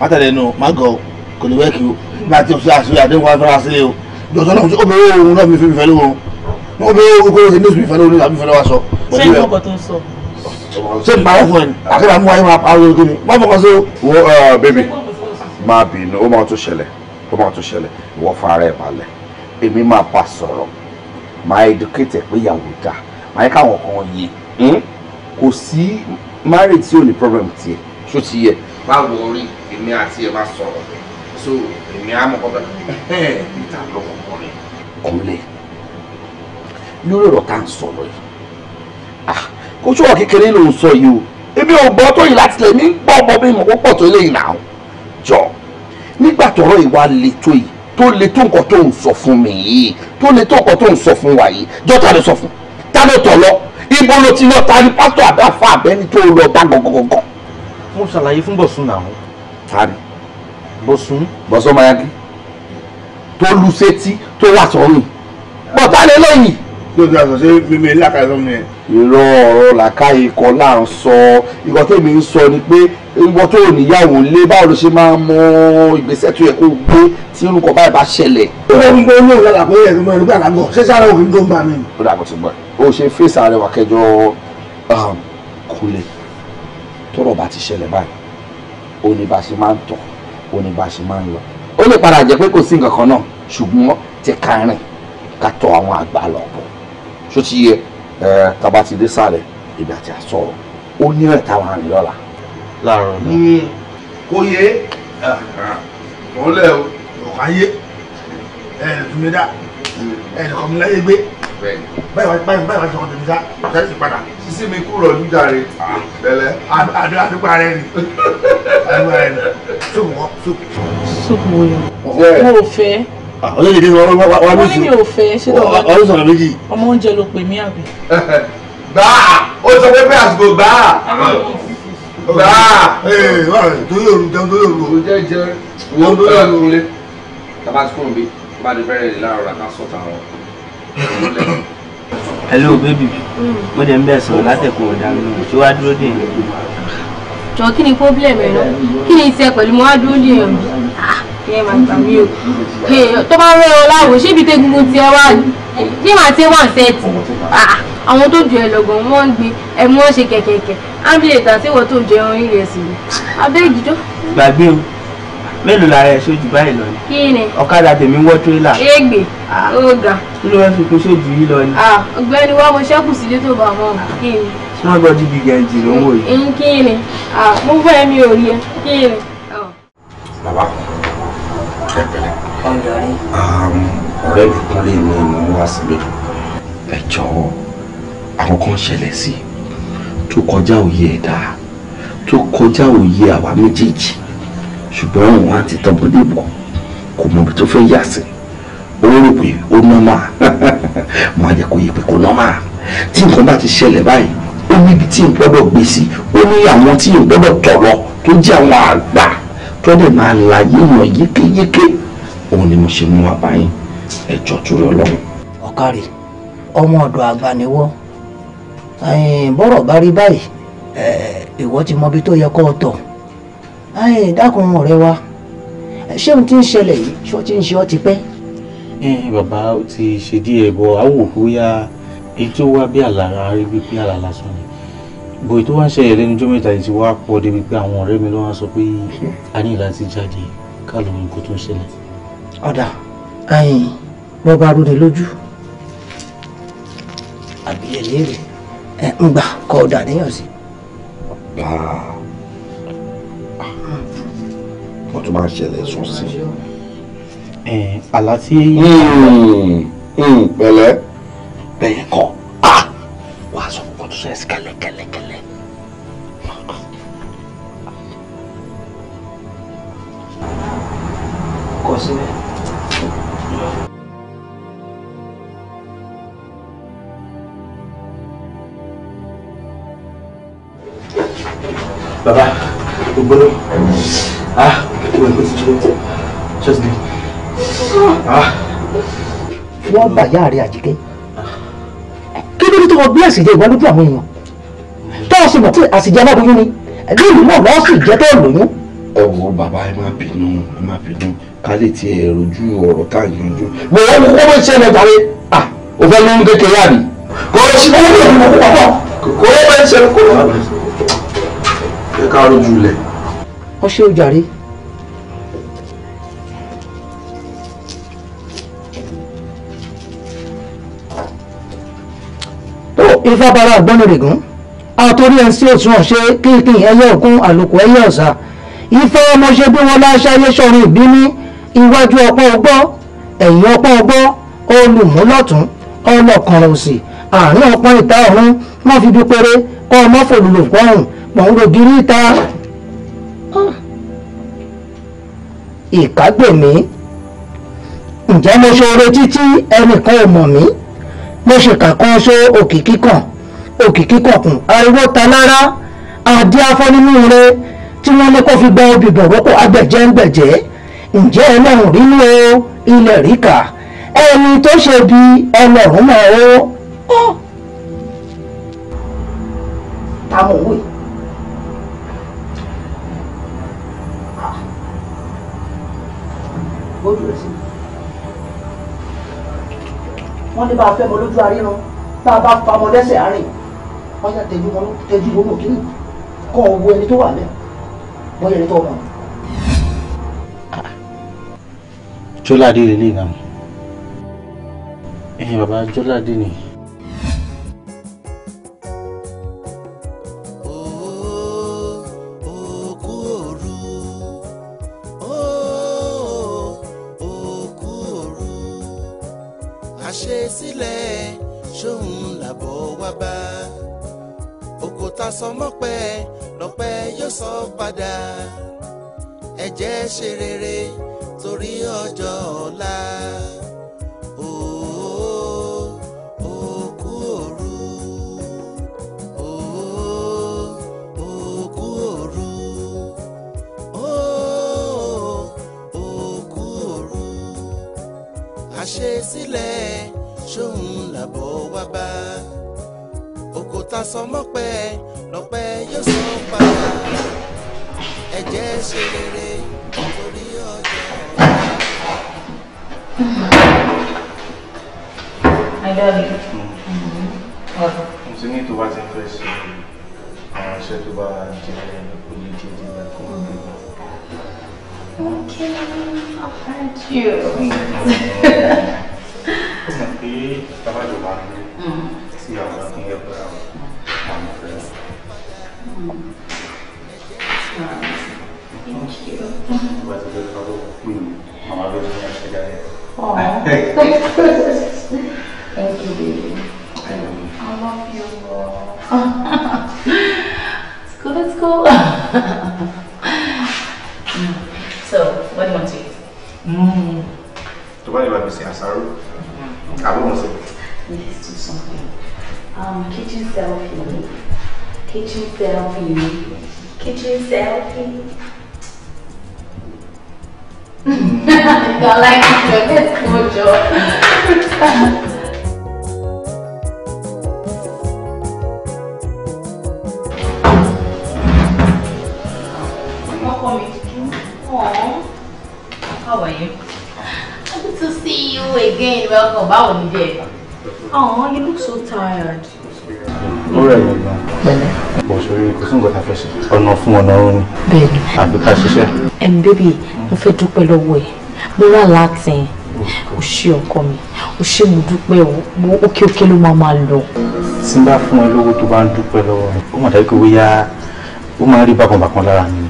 pátálẹ̀ nù má gọ̀ kò ní wẹ́ẹ̀kì o nígbà tí o ṣe àṣírí àdéhùn afẹ́rẹ́ àṣírí o jọ̀ọ́sọ́ náà obìnrin òun náà fi fi fẹ́ lóhun mo bẹ ogo ẹni oṣù ìfẹ́ lórí àbí ìfẹ́ lọ́wọ́ sọ. ṣé ìwọ kò tó ń sọ. ṣé n pààrọ̀ fún ẹ àkàrà mú ayé máa pààrọ̀ lórí mi wọ́n fọkàn sí o. wo bébì máa bínú ó máa tún ṣẹlẹ̀ ó máa tún ṣẹlẹ̀ ìwọ fara ẹ̀ balẹ̀ èmi máa pa sọ̀rọ̀ máa educate pé ìyàwó dà máa yẹ káwọn kan yé hmm? kò sí marriage tí ò ní problem tiẹ̀ ṣó ti yẹ. báwo rí èmi àti ẹ máa sọ̀rọ̀ so èmi á mọ̀ kọ́ bẹ́ẹ̀ bíi ta lọ́kọ̀ọ́kọ́ rẹ̀ lórí ọ̀rọ̀ tá à ń sọ̀rọ̀ yìí ah, kó sọ̀rọ̀ kékeré ló ń sọ yìí o èmi ò gbọ́ tó yìí láti lẹ̀ mí ń gbọ́ ọmọ mi mọ̀ púpọ̀ tó lè nà án jọ nígbà tọ́rọ̀ ìwà le tó yìí tó le tó nǹkan tó ń sọ fún mi yìí tó le tó nǹkan tó ń sọ fún wa yìí jọ ta ló sọ fún ta ló tọ̀ lọ ibo ló ti lọ ta ni pásítọ̀ àbẹ́ àfa tó lọ bá gọ̀gọ̀gọ̀gọ̀. mo ṣàlàyé fún bọ̀sùn náà. tani bọ̀sùn. bọ̀sùn mayagi tó lu sétí tó wà sọ́run bọ̀tá lè lóyìn tó ti àṣọ ṣe mímí làkàyè mi. ìrọ ọ̀rọ̀ làkàyè kọ́ là ń sọ ìkọ́ tèmi ń sọ ni pé ìwọ tó ò níyàwó lé báwo ló ṣe máa mọ ìgbésẹ̀ tó yẹ kó gbé tí orúkọ báyìí bá ṣẹlẹ̀. ó lọ gbogbo olú òun lọ́la pé ẹ̀rọ mọ ẹ̀rọ àgọ́ ṣé sára òfin tó ń bá mi. ó dàgbọ́ ti gbọ́ ó ṣe fèsì àrẹwà kẹjọ um, kulẹ̀ tọrọ bá ti ṣẹlẹ̀ báyìí ó ní bá ṣe máa ń tọ̀ ó ní bá ṣe máa ń lọ. ó lè padà jẹ́ pé kò sí nǹkan kan náà ṣùgbọ́n ti kárin ká tọ̀ àwọn àgbà lọ ṣó yẹ ẹ taba ti dé sàlẹ̀ èmi àti àsọ̀rọ̀ ó ní ẹ̀ táwọn àrìn lọ́la. láàárọ̀ náà. kò yé mọ̀ọ́lẹ̀ ọ̀kà yé ẹ̀ ẹ̀dùnmí dá ẹ̀ ẹ̀dùn láyé gbé báyìí wájú báyìí wájú ọkọ̀ tèmi sá ọ̀sẹ̀ sì padà. sísí mi kúrò lójà rẹ bẹ̀lẹ̀. àdúrà rẹ ni àdúrà rẹ ni sókùn wọn sókùn. sókùn wọn. mo fẹ́. Ah, ọlọ́dẹ ní wọ́n wá lóṣù. wọ́n ní mi ò fẹ́ ṣé méjì. ọmọ oúnjẹ ló pè mí àbí. [laughs] gbàá ó sọ pé pé àsìkò gbàá gbàá. wà tó yóò rún tó yóò rún. o jẹ jẹ tó yóò rún lé. tabasco ń bí bá di bẹ́rẹ̀ lè láàárọ̀ àti sọ̀tà wọn. hello baby hmm. mo dẹ̀ ń bẹ̀ sọ̀rọ̀ látẹ̀kùn ọ̀dà mi ṣé wàá dúró dè mí. jọ kí ni problem ẹ náà kí ni iṣẹ́ pẹ̀lú mo wá dúró dè mí ẹ máa o tó bá rẹ ọ láwò ṣé ibi tẹ́gungun ti ẹ wá ṣé màá tẹ́ wà sẹ́ẹ̀tì ah, àwọn tó ju ẹ lọ́gàn wọ́n ń gbin ẹ̀mú wọn ṣe kẹ̀kẹ̀kẹ̀ ambulance àti ìwọ tó ń jẹ orin rẹ̀ sí i abẹ́gidó. gbàgbé o mélòó la rẹ sójú báyìí lọ ni. kí ni. ọ̀kadà tèmi wọ́ tírélà. égbè ọ̀gá. Ah. kí ló fẹ́ fi kún sójú yìí lọ ni. Ah, ọ̀gbẹ́ni wa mo ṣẹ́kù sílé tó bá mọ́ kí ni. small body big engine ló ń wò yìí. kí ni mo fẹ́ mi ò rí ẹ kí ni. bàbá kan pẹ̀lẹ́. ọ̀dọ́rin. Um, ọ̀rẹ́ mi kúnlé mi mò ń wá síbi. ẹ jọ̀wọ́ àwọn kan ṣẹlẹ̀ sí i tó kọjá òye ẹ̀dá tó kọjá òye àwa méjèèjì ṣùgbọ́n òun àti tọmọdé bọ̀ kò mọ̀ bí tó fẹ́ yà sí ó rò pé ó nọ́mà [laughs] máa jẹ́ kó yẹ pé kò nọ́mà tí nǹkan bá ti ṣẹlẹ̀ báyìí ó níbi tí n gbọ́dọ̀ gbèsè ó ní àwọn tí n gbọ́dọ̀ tọ̀ lọ tó jẹ́ àwọn àgbà tó lè máa láyé yàn yékéyéké òun ni mo ṣe mú wa báyìí ẹ̀jọ̀ torí ọlọ́run. ọ̀kàrì ọmọ ọ̀dọ̀ àgbà ni wọ́n bọ́rọ̀ bá rí báyìí ìwọ ti mọbi tó yẹ kó o tọ̀ dákun ọ̀rẹ́ wa ṣé ohun tí ń ṣẹlẹ̀ yìí ṣé ó ti ń ṣe ọ́ ti pẹ́. bàbá ó ti ṣe díẹ̀ bọ̀ àwọn òkú ya èyí tó bí àlàra rí bí pé àlà lásán ni bòyí tó wá ń ṣẹlẹ̀ lẹ́nu ọjọ́ mẹ́ta yìí ti wá pọ̀ débi pé àwọn ọ̀rẹ́ mi ló wá sọ pé a ní láti jáde ká ló mú nǹkan tó ń ṣẹlẹ̀. ọ̀dà ayin bọ́ bá rúre lójú àbí ẹ̀ léèrè ẹ̀ ń gbà kọ́ ọ̀dà níyàn sí. wọ́n tún máa ṣẹlẹ̀ sùn sí. àlá tí. Hmm, hmm, pẹ̀lẹ́ bẹ́ẹ̀ kọ́ conscience kẹ́lẹ́kẹ́lẹ́kẹ́lẹ́. kọ sílẹ̀. baba ògbóná ah ìwé kò ti jí lọ just be ah. wọ́n gbà yáa rí àjíkẹ́ kí ló dé tó wọ́n gbé àsìjẹ ìwà lójú àwọn èèyàn tó o sì mọ̀ pé àsìjẹ aláboyún ni lílù náà lọ́ọ́ sì jẹ́ tó lóyún. ẹ wo bàbá ẹ má bínú ẹ má bínú ká lè tiẹ̀ rojú ọ̀rọ̀ tá à ń yanjú. mo wọ́n kó bó ṣe ẹ̀mẹ́ta rẹ̀ à ò fẹ́ lóyún kékeré àbí kò ó ṣe kókó ìlú kó pọ̀ kó ó bẹ́ẹ̀ ṣe kó. ẹ ká rojú lẹ̀. ọṣẹ́ ojàre fábára ògbónìrègún àtòrí ẹ̀ ń sí òṣùwọ̀n ṣe kínkín ẹyẹ òkun àlòkù ẹyẹ ọ̀sà ìfẹ́ ọmọ ṣe bí wọ́n láṣá ayé sọ̀rọ̀ ìbíní iwájú ọpọ́ ọgbọ́ ẹ̀yìn ọpọ́ ọgbọ́ olùmúlọ̀tún ọlọ́kànràn òsì àárín ọpọ́ ìta ọ̀run wọ́n fi bí péré kọ́ ọmọ fòlùlò fọ́hùn pọ̀nrọ̀ gírí ìta. Ah. ìkágbèmí ǹjẹ́ mo ṣe oore títí ẹnìkan ò mọ̀ mí mo ṣèkà kan ṣe òkìkí kan òkè kíkọ̀kùn ariwo ta lára àdí afọ́nínú rẹ tí wọ́n ní kó fi gba obì bọ̀rọ́kọ̀ agbẹ̀jẹ́ ń gbẹ̀jẹ́ ǹjẹ́ ẹlẹ́rùn rínú o ilẹ̀ ríkà ẹni tó ṣe bí ẹlẹ́rùn mọ̀ o. táwọn òwe. lójú rẹ̀ sí. wọ́n ní bá a fẹ́ mọ lójú aríran bá a bá fa ọmọ lẹ́sẹ̀ àárín wọ́n yà tẹ̀jú wọn tẹ̀jú wọn òkè ní kọ́ ọgbọ ẹni tó wà lẹ́ wọ́n yẹ ẹni tó wà. jọ́ládé lè lè nà mọ́ ẹ̀yin bàbá jọ́ládé nìyí. um, kitchen selfie, kitchen selfie, kitchen selfie. Y'all like this joke? That's cool joke. How are you? Happy to see you again. Welcome. Báwo ni díẹ̀? Oh, you look so tired. Ó rẹ̀ mí gan. Pẹ̀lẹ́. Bọ̀ṣọ̀ rere kò sí nǹkan tá a fẹ́ ṣe. Ọ̀nà fún ọ̀nà ọ̀run ni. Bẹ́ẹ̀ni. Àbí ká ṣiṣẹ́. Ẹ̀m bébì, mo fẹ́ dúpẹ́ lọ́wọ́ ẹ̀. Mo rà látìn. O ṣé ọkọ mi. O ṣé mo dúpẹ́ o. Mo òkè òkè ló máa máa lọ. Tí n bá fún ẹ lówó tó bá ń dúpẹ́ lọ́wọ́ mi, ó mà dájú pé ó yá ó máa rí bákanbàkan lára mi.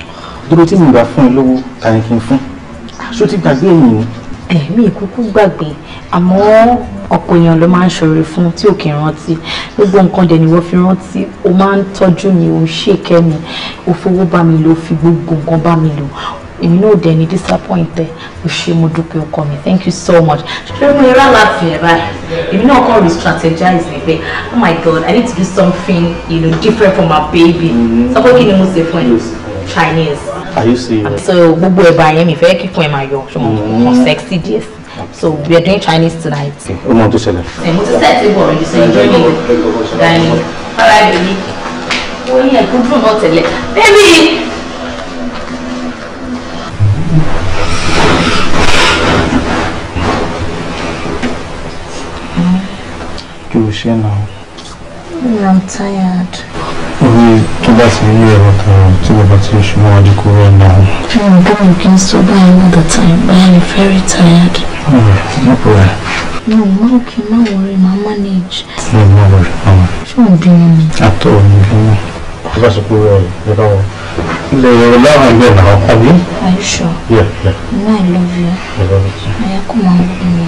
Dúró tí mi bá fún ẹ lówó, ọ̀pọ̀ èèyàn ló máa ń ṣòro fún tí ò kì í rántí gbogbo nǹkan dẹ̀ ni wọ́n fi rántí o máa ń tọ́jú mi o ṣèkẹ́ mi o fowó bá mi lò o fi gbogbo nǹkan bá mi lò èmi náà dẹ̀ ni disappointed o ṣe mo dúpẹ́ ọkọ mi thank you so much. ṣé mo yẹra láàfin ẹ̀ báyìí èmi náà kàn re strategize ẹ̀ pé oh my god i need to do something you know, different for my baby mm-hmm. sọ pé kí ni mo ṣe fún ẹ chinese. are you serious. so gbogbo ẹ̀bà yẹn mi fẹ́ kíkún ẹ̀ máa yọ ṣùgbọ́n mm-hmm. mo sexy díẹ̀ sí. So we are doing Chinese tonight. Okay. Um, to sell it. mo ti set table already, so enjoy your dining. All right, baby. Oh yeah, good for more tele. Baby. Kí ló share now? I'm tired orí tó bá ti rí ẹ̀rọ kan tí bàbá ti ń ṣùgbọ́n adékò rẹ̀ náà. I'm going against the buy another time. I am very tired. Alright, no problem. No, no, okay, no worry, ma manage. No, no worry, no worry. Ṣé o bí mi? Àtọ̀ mi bí mi. Bí bá sọ pé wọ́n rẹ̀ bá wọ́n. Ilé ẹ̀rọ láwọn ẹgbẹ́ náà kọ́ mi. Are you sure? Yeah, yeah. No, I love you. I love you. Ẹ̀yà kò máa ń bí mi.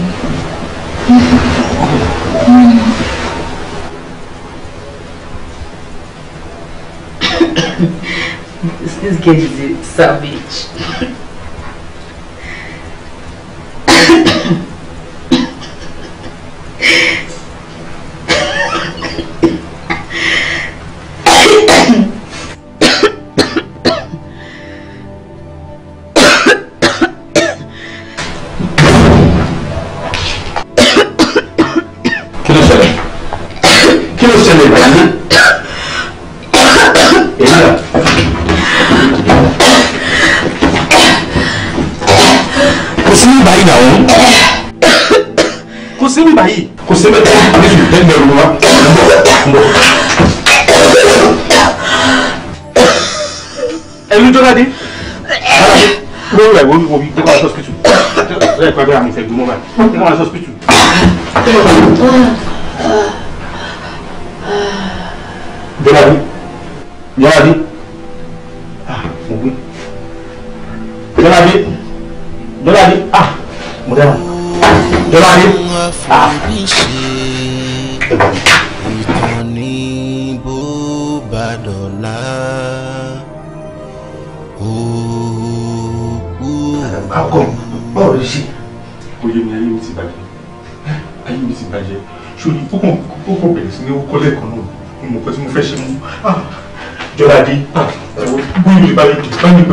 Esqueci, gives you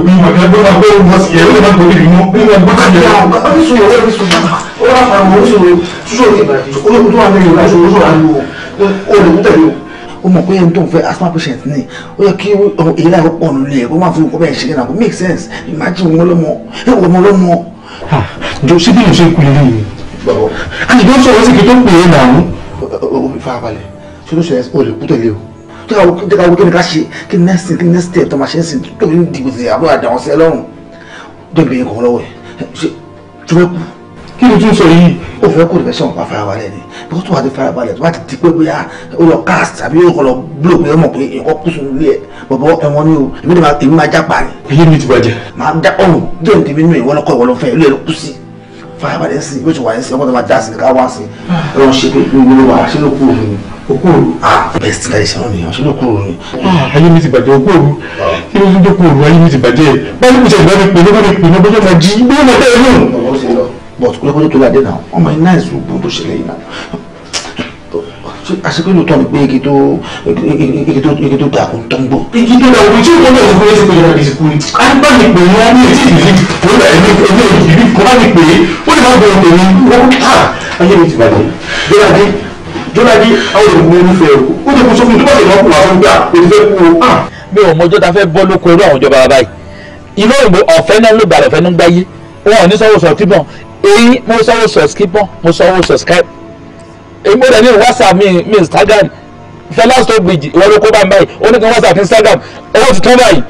mi mọ̀ ní agbóhùn agbóhùn wọn sì yẹ ó lè má gbóbi nínú bí wọn gbọ́dọ̀ yẹ. bàbá mi sòrò ẹ mi sòrò ó wà fún àwọn oṣòro ṣíṣòro ìbàdí olóògùn tó wà ní yorùbá ṣòro ṣòro àlù o ò lè mú tẹ̀lé o. ó mọ̀ pé ẹni tó ń fẹ́ asthma patient ni ó yẹ kí èyí láì pọ̀ nínú ẹ̀ kó má fún ọkọ bẹ́ẹ̀ ṣe kẹ́nà kó make sense imagine wọn lọ́mọ ẹ wọ ọmọ lọ́mọ. jọ sí bí mo ṣe kú lélẹ̀ yìí. àti ìjọ sọ̀rọ̀ sí kí tó pè é nàánú. ó fi fara balẹ̀ ṣé ló ṣe ó lè kú tẹ̀lé o jẹ́ka wo jẹ́ka wo kí ni ká ṣe kí ni next thing kí ni next step tó máa ṣe ń sìn tóbi ní dìgbò sí àbúrò àdàwọn sí ẹlọ́run débi yẹn kàn lọ́wọ́ ẹ̀ ṣe tó fẹ́ kú. kí ni tún sọ yìí. ó fẹ́ kó lè fẹ́ sọ̀rọ̀ pa farabalẹ̀ ni bí wọ́n tún wà ní farabalẹ̀ tó bá ti di pé bóyá ó lọ cast àbí ó lọ blow pé ó mọ̀ pé ẹ̀kọ́ kú sunu ilé ẹ̀ bọ̀bọ̀ ẹ̀wọ̀n ni o èmi máa jápa ni. èyí mi ti bàjẹ́. máa já ọ̀run jẹ́ fàyàbalẹ̀ sí bí o ti wà yẹn sí ọmọ tó máa dá sí ká wá sí ẹ lọ ṣe pé ìwúlò wa ṣe ló kúrò mi okoro ah best guy ṣe wọn nìyẹn ṣe ló kúrò mi. Ah, ayé mi ti bàjẹ́ okoro kí ló ń dé kúrò ayé mi ti bàjẹ́ báyìí kò tẹ̀lé mi pè ní báyìí pè ní bójú ma jí bójú ma bẹ́ẹ̀ nù. but kúlẹ̀kúlẹ̀ tó ládé náà ọmọ iná ìṣòwò tó ṣẹlẹ̀ yìí náà àṣepé lóòótọ́ ni pé igi tó igi tó dàkú tó ń gbó. igi tó dàkú tí o lè fún ẹsẹ̀ pẹ̀lú ẹ̀dẹ̀ ìsìnkú ni. a bá mi pè é ní etí ìdílé kò ní ẹ̀mí ẹ̀mí ìdílé kò bá mi pè é ó lè má bẹ ọ̀dọ̀ mi ó tà ayé mi ti bàjẹ́. jọ́ládé jọ́ládé àwọn èèyàn mi nífẹ̀ẹ́ o ó jẹ́ kó sọ fún mi tó bá lè má kú àwọn gbà kò ní fẹ́ kú o. mi ò mọjọ́ ta fẹ́ bọ́ lóko irú àwọn ìjọba báyìí iná òyìnbó ọ̀fẹ́ náà ló gbàlẹ̀ ọ̀fẹ́ náà ń gbáyé wọn ò ní sanwó sọ̀kíbọ̀n èyí mo sanwó sọ̀kíbọ̀n mo sanwó sọ̀skáìpù èmi ò rẹ̀ ní whatsapp mi mi instagram fẹlá stockbridge ìwọ ló kó bá ń báyìí ó ní kí whatsapp instagram owó ti tán báyìí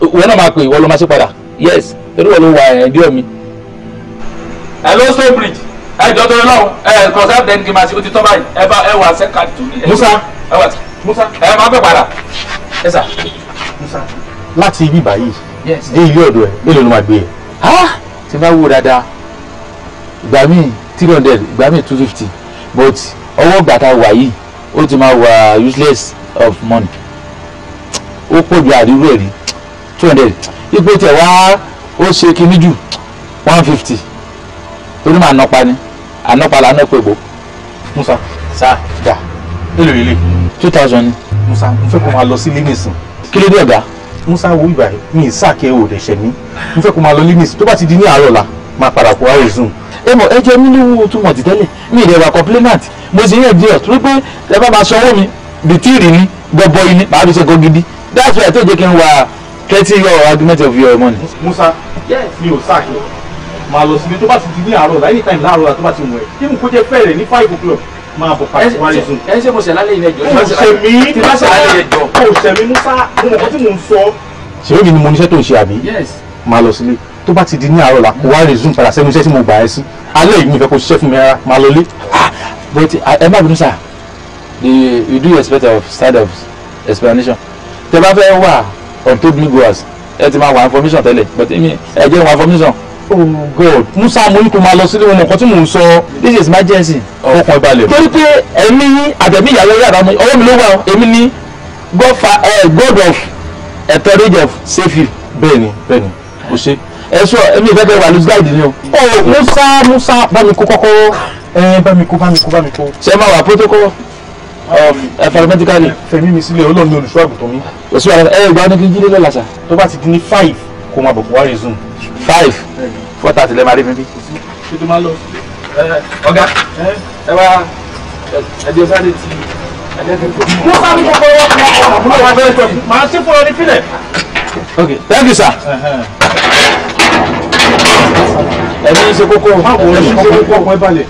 ìwọ náà máa pè ìwọ ló máa ṣe padà yes torí ìwọ ló wà eh, ẹ̀ díẹ̀ mi. hello stockbridge ẹ jọ tó lọ́wọ́ ẹ kọ̀ọ̀sán dẹ́ni kì í máa ṣe ó ti tán báyìí ẹ bá ẹ wà sẹ́kàdì tó ní. musa ẹ wà musa ẹ máa bẹ̀ padà ẹ sà musa. láti ibi báyìí dé ilé ọ̀dọ̀ ẹ̀ mélòó ló máa gbé ẹ̀ ti máa wò dáadáa ìgbà míì three hundred ìgbà míì two fifty but ọwọ́ ìgbà tá a wà yìí ó ti máa wà useless of money ó pọ̀ ju àdúgbò rí two hundred ipò tẹ̀ wá ó ṣe kíní jù one fifty torí màá nọpa ni ànọpa là ń nọpa ègbò. musa sa ja èlò ilé. two thousand ni. musa mo fẹ́ kó máa lọ sí límìsì. kí ló dé ọ̀gá. musa wo ìgbà mi ìsáàkẹ́ ò dẹ̀ṣẹ̀ mi mo fẹ́ kó máa lọ límìsì tó bá ti di ní àárọ̀ la máa padà kó wá resume ẹ mọ̀ ẹ jẹ́ mi ní wúwo two mi ì dẹ̀wà complainant mo sì yẹ díẹ̀ torí pé ẹ bá ma sọ owó mi bìtìrì ni gbọbọ yìí ni màá fi ṣe kó gidi that's why tó jẹ́ kí n wà getting your argument of your money. Musa mi ò sáà kí ọ máa lọ síbi tó bá ti di ní àárọ̀ láyé time láàárọ̀ tó bá ti mú ẹ kí n kó jẹ fẹ́rẹ̀ ní five o'clock máa bọ̀ pàṣẹ wálé zoom. ẹ ṣe mo ṣe lálẹ́ ilé ẹjọ́. ṣe mí ti ṣe lálẹ́ ẹjọ́. o ṣe mí Musa mo mọ̀ kọ́ tí mò ń sọ. ṣèwé mi ni mo níṣẹ́ tó ń ṣe àbí. yes. máa lọ sílé tó bá ti di ní àárọ̀ là wá resume padà sẹ́nu iṣẹ́ tí mo gbà ẹ́ sí alẹ́ yìí mi fẹ́ ṣiṣẹ́ fún mi rárá máa lọ lé. Ah, but ah, ẹ má bínú sà the you do expect of side of explanation tẹ bá fẹ́ wà on told me goers ẹ ti máa wà information tẹ́lẹ̀ but ẹ jẹ́ wà information oh god musa mo ní kó máa lọ sílé wọn nǹkan tí mò ń sọ this is emergency ọkàn ìbalẹ̀. torí pé ẹ̀mí àtẹ̀mí ìyàwó yàrá mi ọwọ́ mi ló wà èmi ní eh, god of eh, of safety. bẹ́ẹ̀ni bẹ́ẹ̀ni o ṣe ẹ sọ ẹbí ìfẹ́ bẹ́ẹ̀ wà lóṣù gáàdì ni o. ọ musa musa bá mi kó kọ́kọ́rọ́. ẹ bá mi kó bá mi kó bá mi kó. ṣé ẹ máa wà protocol ẹ fara mẹtikali. fẹmi mi sílẹ̀ olóòní olùṣọ́ àgùntàn mi. kò sí wàhálà ẹ gba ọdún kí n jílé lọ́la sa. tó bá ti di ní five kó máa bọ̀ kó wá resume. five four thirty lẹ́ẹ̀ máa rí mi bí. ṣé tó máa lọ ọ̀gá ẹ wá ẹ̀dí sáré ti mo bá mi kọ́kọ́ wọ́n máa ṣe fún ọ ní pílẹ̀. ok thank you sir. Uh -huh ẹ̀mí ṣe kókó ẹ̀mí ṣe kókó ọkọ̀ ẹ̀ balẹ̀.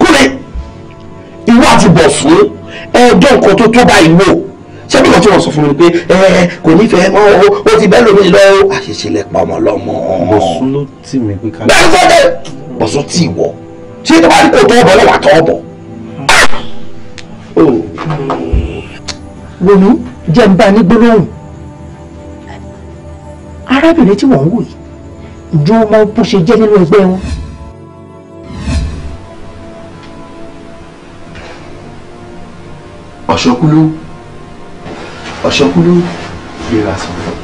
kúrẹ́ ìwọ àti bọ̀ fún ẹjọ́ nǹkan tó tó báyìí wò ṣebí wọn tí wọn sọ fún mi pé ẹ kò nífẹ̀ẹ́ mọ́ o ó ti bẹ́ẹ̀ lómi lọ o àṣìṣe lẹ pa ọmọ lọ́mọ. bọ̀sùn ló tì mí pé ká. bẹ́ẹ̀ sọ́dẹ̀ bọ̀sùn tì wọ̀ ṣé tó bá ní kò tọ́ ọ̀bọ̀ lọ́wọ́ àtọ́ ọ̀bọ̀ wòmí jẹ́ ń bá ní gbólóhùn arábìnrin tí wọ́n ń wò yìí ju ọmọ bó ṣe jẹ́ nínú ẹgbẹ́ wọn. ọ̀ṣọ́kúlú ọ̀ṣọ́kúlú gbéra sọ̀rọ̀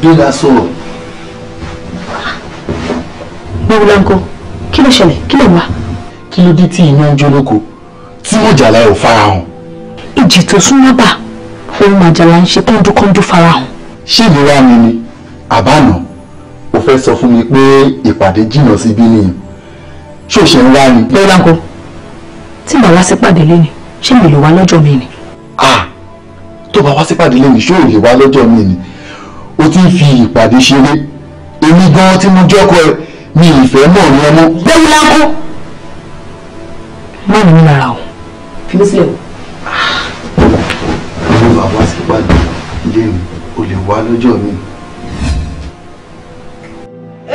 gbéra sọ̀rọ̀. gbéra ńkọ́ kí ló ṣẹlẹ̀ kí ló wà. kí ló dé tí iná ń jó tí mọ̀jàlá ò farahàn. ìjì tó súnmọ́ bà ohun àjàlá ń ṣe kọ́ńdúkọ́ńdú farahàn. ṣé ìlera mi ni àbánà ò fẹ́ sọ fún mi pé ìpàdé jìnnà síbí nìyí ṣòṣe ń wá ni. bẹ́ẹ̀ láńkọ tí màá wá sí pàdé lẹ́ni ṣé mi lè wá lọ́jọ́ mi ni. ah tó bá wá sí pàdé lẹ́ni ṣé ò lè wá lọ́jọ́ mi ni o ti ń fi ìpàdé ṣeré èmi gan tí mo jọ́kọ ẹ mi ìfẹ́ mọ̀ ní ọmọ. bẹ́ẹ̀ láńkọ má ní mi lára o fi mí sílẹ̀ o. àwọn bàbá sì gbàgbé ilé mi ò lè wá lọ́jọ́ mi.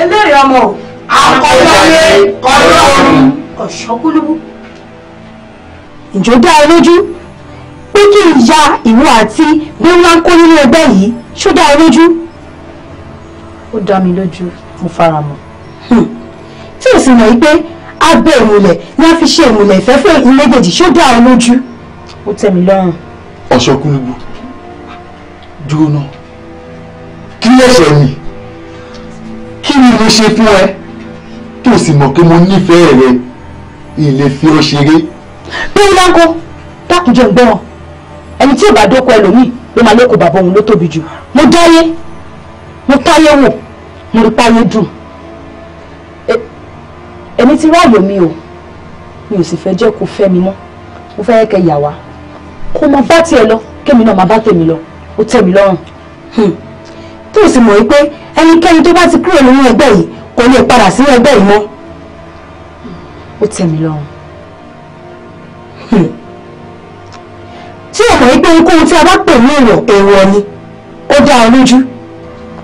eléyìí ọmọ o. akọ̀wáyé kọ́lọ́run. ọ̀ṣọ́kúlùkù. ìjọ dá ẹ lójú pé kí n ya ìwọ àti bí wọn kó nínú ẹgbẹ́ yìí ṣó dá ẹ lójú. ó dá mi lójú mo fara mọ́. tí ò sì mọ̀ yí pé abẹ́ ìmùlẹ̀ ní a fi ṣe ìmùlẹ̀ ìfẹ́ fún èyí méjèèjì ṣó dá ọ lójú. ó tẹ́ mi lọ́rùn. ọ̀ṣọ́ kúlúgbù dúró náà kí lẹ́sẹ̀ mi kí ni mo ṣe fún ẹ tó sì mọ̀ pé mo nífẹ̀ẹ́ rẹ ilé fi ọ́ ṣeré. bí ó láńkó dákúnjẹ gbọ́ràn ẹni tí ò bá dóko ẹlòmíì ló máa lóko bàbá òun ló tóbi jù mo dáyé mo táyé wò mo rí páyé dùn èmi ti ráàyò mi o mi ò sì fẹ́ jẹ́ kó fẹ́ mi mọ́ mo fẹ́ kẹ́ yà wá kó má bá tiẹ̀ lọ kémi náà má bá tèmi lọ ó tẹ́ mi lọ́rùn hmm. tó sì mọ̀ wípé ẹnikẹ́ni tó bá ti kúrò nínú ẹgbẹ́ yìí kò lè padà sí ẹgbẹ́ yìí mọ́ ó tẹ́ mi lọ́rùn tí hmm. o mọ̀ wípé ohunkóhun tí a bá pè ní èèyàn èèwọ̀ ni ó dá ọ lójú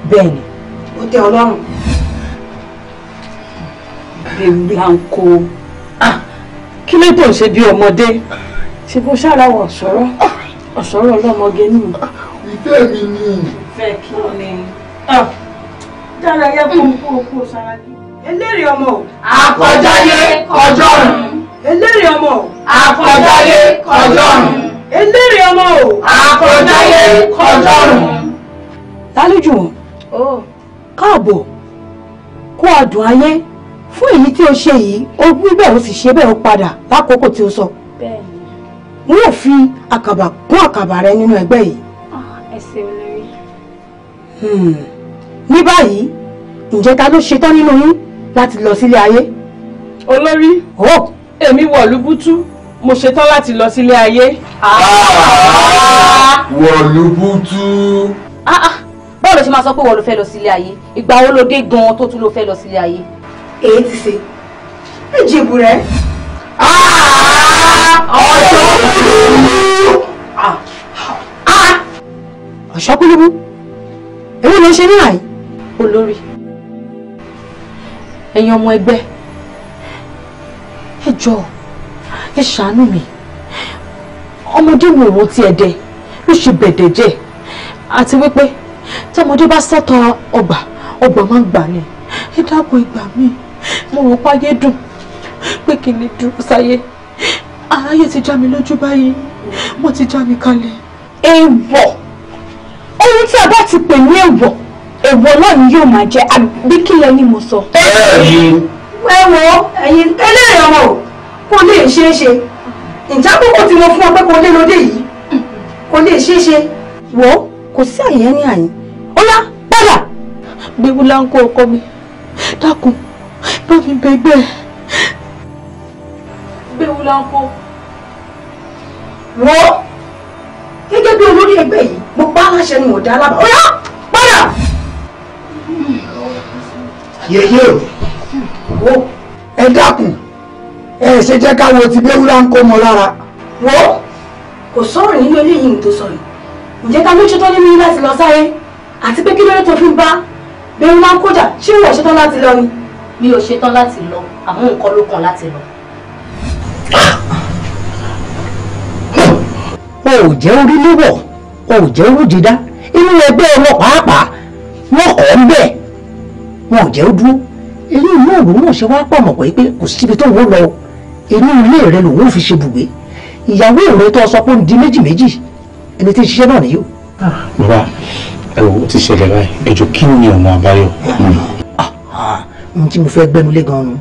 bẹ́ẹ̀ ni ó tẹ́ ọ lọ́rùn bíi blanco ah kí ló tó ń ṣe bí ọmọdé ṣe bó ṣàlàwọ̀ ọ̀ṣọ́rọ́ ọ̀ṣọ́rọ́ ọlọ́mọge nù. ìfẹ́ mi ni. ìfẹ́ kí ni. Ah, dárayá kó kó kó sára kí. eléré ọmọ o. àkọjáyé kọjọ́rùn. eléré ọmọ o. àkọjáyé kọjọ́rùn. eléré ọmọ o. àkọjáyé kọjọ́rùn. lálejò oh. káàbọ̀ kó adùn ayé fún èyí tí o ṣe yìí o wí bẹ́ẹ̀ o sì ṣe bẹ́ẹ̀ o padà lákòókò tí o sọ. bẹ́ẹ̀ni. n ó fi àkàbà kún àkàbà rẹ nínú ẹgbẹ́ yìí. Ah, ẹsẹ̀ olórí. Hmm. ní báyìí ǹjẹ́ ta ló ṣetán nínú yín láti lọ sílé ayé. olórí èmi wọ̀lú mo ṣetán láti lọ sílé ayé. Ah! wọ̀lú bútú. Ah, báwo ló ṣe máa sọ pé wọ́n ló fẹ́ lọ sílé ayé ìgbà wo ló dé gan-an tó tún ló fẹ́ lọ sílé ayé èyí ti ṣe ẹ jèbù rẹ. Ah! ọ̀ṣọ́ kúlùbù. Ah! Ah! ọ̀ṣọ́ kúlùbù èwo ló ṣe ní àyè. olórí ẹ̀yin ọmọ ẹgbẹ́ ẹ jọ̀ọ́ ẹ ṣàánú mi ọmọdé wo òun ti ẹ̀dẹ̀ ló ṣe bẹ̀dẹ̀ jẹ́ àti wípé tọmọdé bá sọ́tọ̀ ọgbà ọgbà máa ń gbà ni ẹ dákun ìgbà míì mo rò páyé dùn pé kí n lè dúró sáyé aráyé ti já mi lójú báyìí mo ti já mi kalẹ̀. èèwọ̀ ohun tí a bá ti pè ní èèwọ̀ èèwọ̀ náà ni yóò máa jẹ́ àbí kí lẹ́ni mo sọ. ẹ wo ẹ̀yin eléyìí ọmọ kò lè ṣeé ṣe ǹjẹ́ àkókò tí mo fún ọ pé kò lè lóde yìí kò lè ṣeé ṣe. wo kò sí àyè ní àyè ó yá padà. gbégbó láńkó ọkọ mi dákun bá mi bẹ̀gbẹ́ gbéwu láńkó wọ́ gẹ́gẹ́ bí olórí ẹgbẹ́ yìí mo pa aláṣẹ ni mo dá alábàá ọ̀yá padà. yèyé o ẹ dákun ẹ ṣe jẹ́ ká wo ti gbéwu láńkó mọ́ lára. wọ́ kò sọ̀rọ̀ nínú eléyìí tó sọ̀rọ̀ ǹjẹ́ ká ló ṣetán nínú láti lọ sáré àti pé kí lóore tó fi ń bá bẹ́ẹ̀ ńlá kódà ṣé ìwọ ṣetán láti lọ ni mi ò ṣetán láti lọ àmọ́ nǹkan ló kàn láti lọ. o ò jẹ́ orí líwọ̀ o ò jẹ́ owó dídá inú ẹgbẹ́ wọn pàápàá wọn kọ́ ń bẹ̀ wọn ò jẹ́ ó dúró èyí inú òru náà ṣe wá pọ̀ mọ̀pọ̀ pé kò síbi tó wọ́n lọ inú ilé rẹ lòun ò fi ṣe bùgbé ìyàwó ìrẹ́ tó sọ pé ó di méjì méjì ẹni tí ń ṣiṣẹ́ náà nìyó. bàbá ẹ wò ó ti ṣẹlẹ̀ báyìí ẹjọ́ kí ni ọ̀nà àbáyọ. Ah, ah ní tí mo fẹ́ gbẹ́nu lé gan-an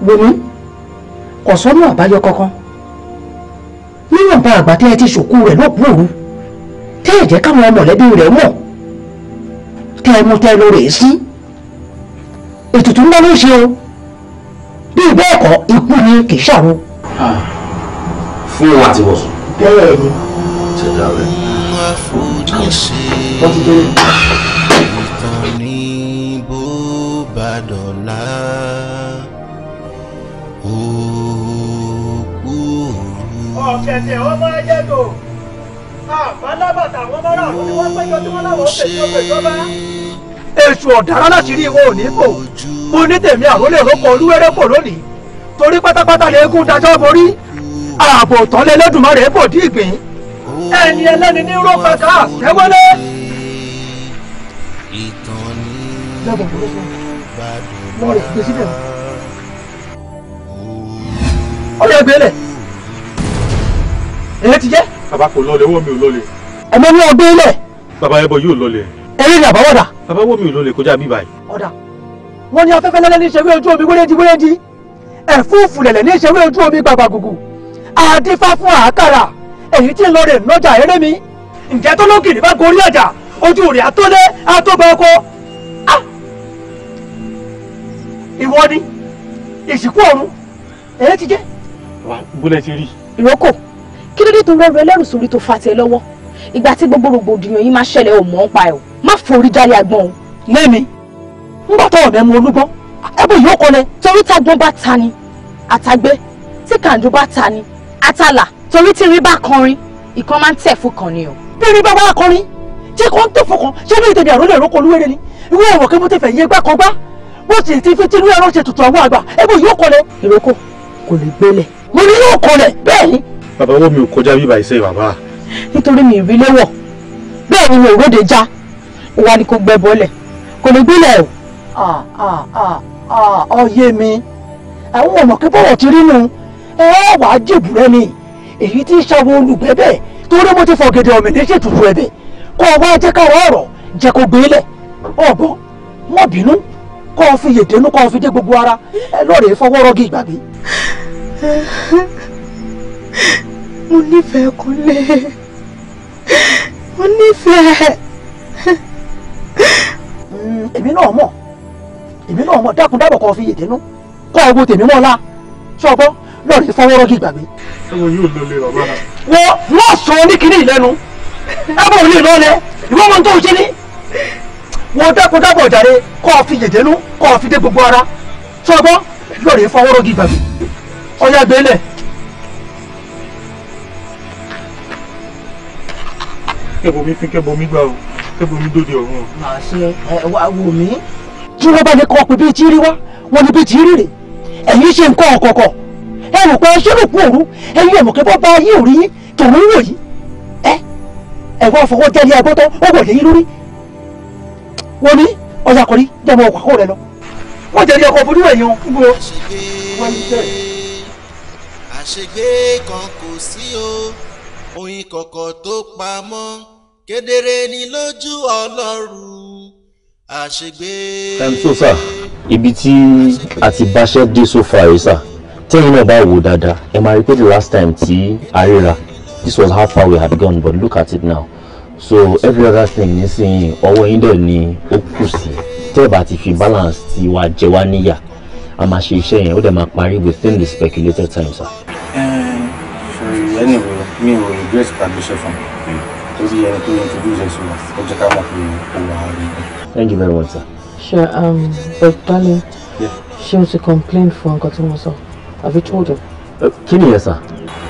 nu wo mi kò sọ́nà àbáyọ kankan níwọ̀nba àgbà tí ẹ ti ṣòkú rẹ̀ lóòkúròrú tẹ́ ẹ̀ jẹ́ káwọn mọ̀lẹ́bí rẹ̀ mọ̀ tẹ́ ẹ mú tẹ́ ẹ lóore sí ètùtù ńlá ló ṣe o bí bẹ́ẹ̀ kọ́ ikú ni kì í ṣàrò. fún òun àti wọ̀sùn. bẹ́ẹ̀ ni. ṣẹ̀dá rẹ̀. wọ́n ti dé dọ̀la òkú òru. ọ̀kẹ̀dẹ̀ wọn máa jẹ́ dò àbálábàtà wọn máa rà wọn ni wọ́n péjọ tí wọ́n láwọn ó péjọ péjọ bá. èṣù ọ̀daràn láti rí ìwọ òní kò mo ní tèmi àrólé rọ́pò olúwẹ́rẹ́ kò lónìí torí pátápátá lè gún dájọ́ borí ààbò tọ́lẹ̀ lọ́dùnmọ́rẹ́ kò dí ìgbín ẹni ẹlẹ́ni ní rọ́pàkà tẹ́wọ́lé. ìtàn ni ọmọ rẹ̀ gbé síbẹ̀ ó lè ti jẹ́. bàbá kò lọlẹ̀ ọwọ́ mi ò lọlẹ̀. ẹ̀mọ́ ní ọgbẹ́ lẹ̀. bàbá ẹbọ yóò lọlẹ̀. eré ni àbáwọ̀dà. bàbá ọwọ́ mi ò lọlẹ̀ kọjá bí báyìí. ọ̀dà wọn ní afẹ́fẹ́ lẹ́lẹ́ ní ìṣèwé ojú omi wéré di wéré di ẹ̀fúùfù lẹ̀lẹ̀ ní ìṣèwé ojú omi gbàgbà gùgù àdífá fún àákàrà èyí tí ń lọ rè nọjà eré mi ǹjẹ́ tó lókìrì bá gorí àjà ojú rẹ̀ àtọ́lé àtọ́gbà ìwọ ni ìsìnkú ọ̀run ẹ̀rẹ́ ti jẹ́. wà á gbọ́dọ̀ ti rí. ìrókò kí ló dé tó rọrùn ẹlẹ́rù sórí tó fa tiẹ̀ lọ́wọ́ ìgbà tí gbogbo rògbòdìyàn yìí máa ṣẹlẹ̀ ò mọ̀ ń pa ẹ̀ o má forí jálẹ̀ àgbọn o. lẹ́mi ńgbà tọ̀wọ̀ mẹ́mu olúgbọ́n ẹbùn yóò kọ́lẹ̀ torí tágbọ́n bá ta ni àtàgbé tí kàǹdó bá ta ni àtàlà torí tí rí bá kọrin ìkan máa ń tẹ̀ fún kan ni o. bí rí bá kọrin jẹ́ kó ń tó fún kan ṣé bí ìtẹ̀bí àròlé ìrókò olúwẹ̀rẹ̀ ni ìwé ẹ̀wọ̀n kí mo tẹ̀ fẹ̀ yẹ gbá kan gbá bó ti ti fi tinú ẹran ṣe tutù àwọn àgbà ẹbí yóò kọlẹ̀. ìrókò kò lè gbélẹ̀. mo ní yóò kọlẹ̀ bẹ́ẹ̀ ni. bàbá owó mi ò kọjá bíbá iṣẹ́ bàbá. nítorí mi rí léwọ̀ bẹ́ẹ̀ ni mi ò róde já wa ni kò gbẹ bọ́lẹ̀ kò lè gbélẹ̀ o. ah ah ah ah ọyẹ mi àwọn ọmọ kí bọ́wọ̀ ti rí nu ẹ wà á jèbù rẹ ni èyí tí ṣàwọ olùgbẹ́bẹ̀ torí mo ti fọ̀gẹ̀dẹ̀ ọ̀mìnir ṣètùtù ẹ̀bẹ̀ kó o wá jẹ́ káwọ́ ọ̀rọ̀ jẹ́ kó gbélẹ̀ ọ̀gbọ́n mọ̀ bínú kọ́ ọ fi yèdénú kọ́ ọ fi dé gbogbo ara ẹ lọ́ọ̀rẹ́ fọwọ́ rọ́gì ìgbàgbé. mo nífẹ̀ẹ́ Kúnlé mo nífẹ̀ẹ́. Hmm, èmi náà mọ̀ èmi náà mọ̀ dákun dábọ̀ kọ́ ọ fi yèdénú kọ́ ọ wo tèmi mọ́ la ṣọgbọ́n lọ́ọ̀rẹ́ fọwọ́ rọ́gì ìgbàgbé. ẹ̀wọ̀n yóò lọ lè rọ̀ lára. wọ́n wọ́n sọ ní kinní ìlẹ́nu ẹ̀bùn ò lè lọ́ọ̀lẹ̀ ìwọ́n mọ̀ ní tó ṣe ní wo dákun dábọ̀ jàre kọ́ ọ fi yèdè nú kọ́ ọ fi dé gbogbo ara sọ́gbọ́ lóòrè fọwọ́rọ́ gi gbàgbé ọ̀yà gbélé. E kẹbomi fi kẹbomi gbà o kẹbomi dòde ọ̀run o. màá ṣe ẹ wá wò mí. tí wọ́n bá lè kọ́ pé bíi tí rí wá wọn ni bíi tí rí rè ẹ̀yin ṣe nǹkan ọ̀kọ̀ọ̀kọ̀ ẹ rò pé ṣẹ́lùkù òru ẹ̀yin ẹ̀mọ̀kẹ́ bọ́ bá yín òrí yín tòun wò yín ẹ ẹ wá fọwọ́ jẹ́lé agbọ́tọ́ ó wọ̀ yẹ́yìn lórí wọ́n ní ọjà kọ́rí jẹ́ ọmọ ọkọ̀ rẹ lọ. wọ́n jẹ́ ní ọkọ̀ fojú ẹ̀yàn gbogbo. àṣegbé kan kò sí o oyin kọ̀kọ̀ tó pamọ́ kedere ni lójú ọlọ́run àṣegbé. ẹn tó sà ibi tí a ti báṣẹ́ dé so far yìí sà tẹ́yìn náà bá wò dáadáa ẹ máa rí pé the last time tí a ríra this was how far we had gone but look at it now so every other thing nísìnyí ọwọ́ yín dẹ̀ ni ó kù sí tẹ́ ti fi balance ti wa jẹ wá níyà a máa ṣe iṣẹ́ yẹn ó dẹ̀ máa parí within the speculated time sir. ẹni eh, wo mi ò regret pàdéṣe fún mi torí ẹni tó introduce ẹ sọ̀rọ̀ ó jẹ́ ká mọ̀ pé ó wà á rí i. thank you very much sir. sure um, but darling ṣé o ti complain fún nǹkan tí mo sọ have you told him. Uh, kí ni yẹn sir.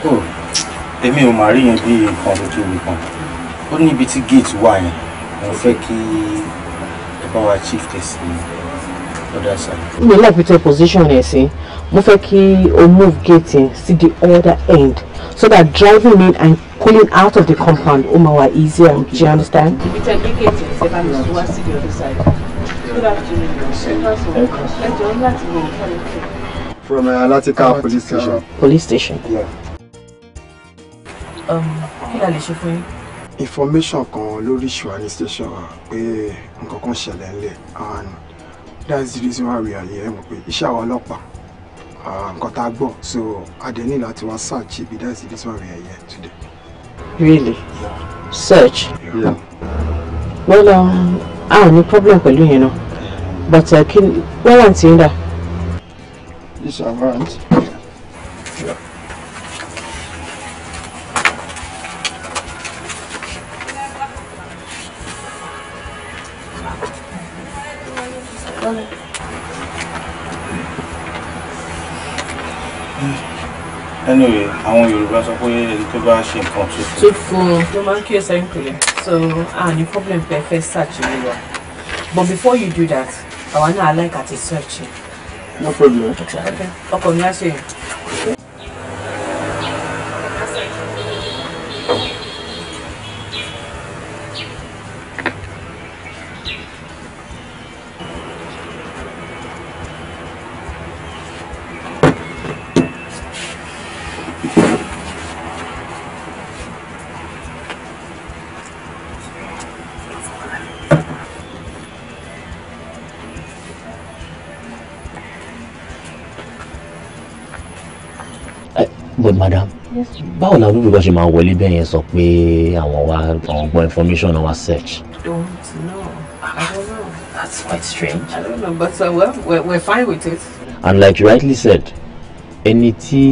Oh, èmi ò máa rí yẹn bí nǹkan tuntun nìkan ó ní ibi tí gate wà yẹn mo fẹ́ kí ẹ bá wa chief tẹ̀sí other side. mi like with position ẹ sí mo fẹ́ kí o move gate yẹn sí the other end so that driving in and pulling out of the compound ó máa wà easier okay. do you understand. ibi tẹ gbé gate yẹn ṣe bá mi sọ wá sí the other side. good afternoon ẹ jọ láti mọ ọkọ mi. from uh, Latika uh, police station. police station. Um, kí la lè ṣe fún yín information kan lórí ìṣúra ní station wa pé nǹkan kan ṣẹlẹ̀ ńlẹ̀ and that's the reason why we are here mo pé iṣẹ́ àwọn ọlọ́pàá nǹkan tá a gbọ́ so a dẹ̀ ní láti wá search ibi that's the reason why we are here today. really yeah. search. Yeah. well um, a ò ní problem pẹ̀lú yẹn náà but uh, kí wọ́n wà ní tí this is our warrant. anyway àwọn yorùbá sọ pé ẹni tó bá ṣe nǹkan tuntun. tuntun ló máa ń kí ẹsẹ̀ ń kulẹ̀ so ah ní problem pẹ̀ fẹ́ search mi lọ but before you do that àwa náà like àti search. no problem. ọkọ mi á ṣe. àwọn arúgbó bá ṣe máa wọlé bẹ́ẹ̀ yẹn sọ pé àwọn wá àwọn gbọ́ information àwọn wá search. don't know i don't know that's quite strange. i don't know but uh, well, we're, we're fine with it. and like you rightly said ẹni tí.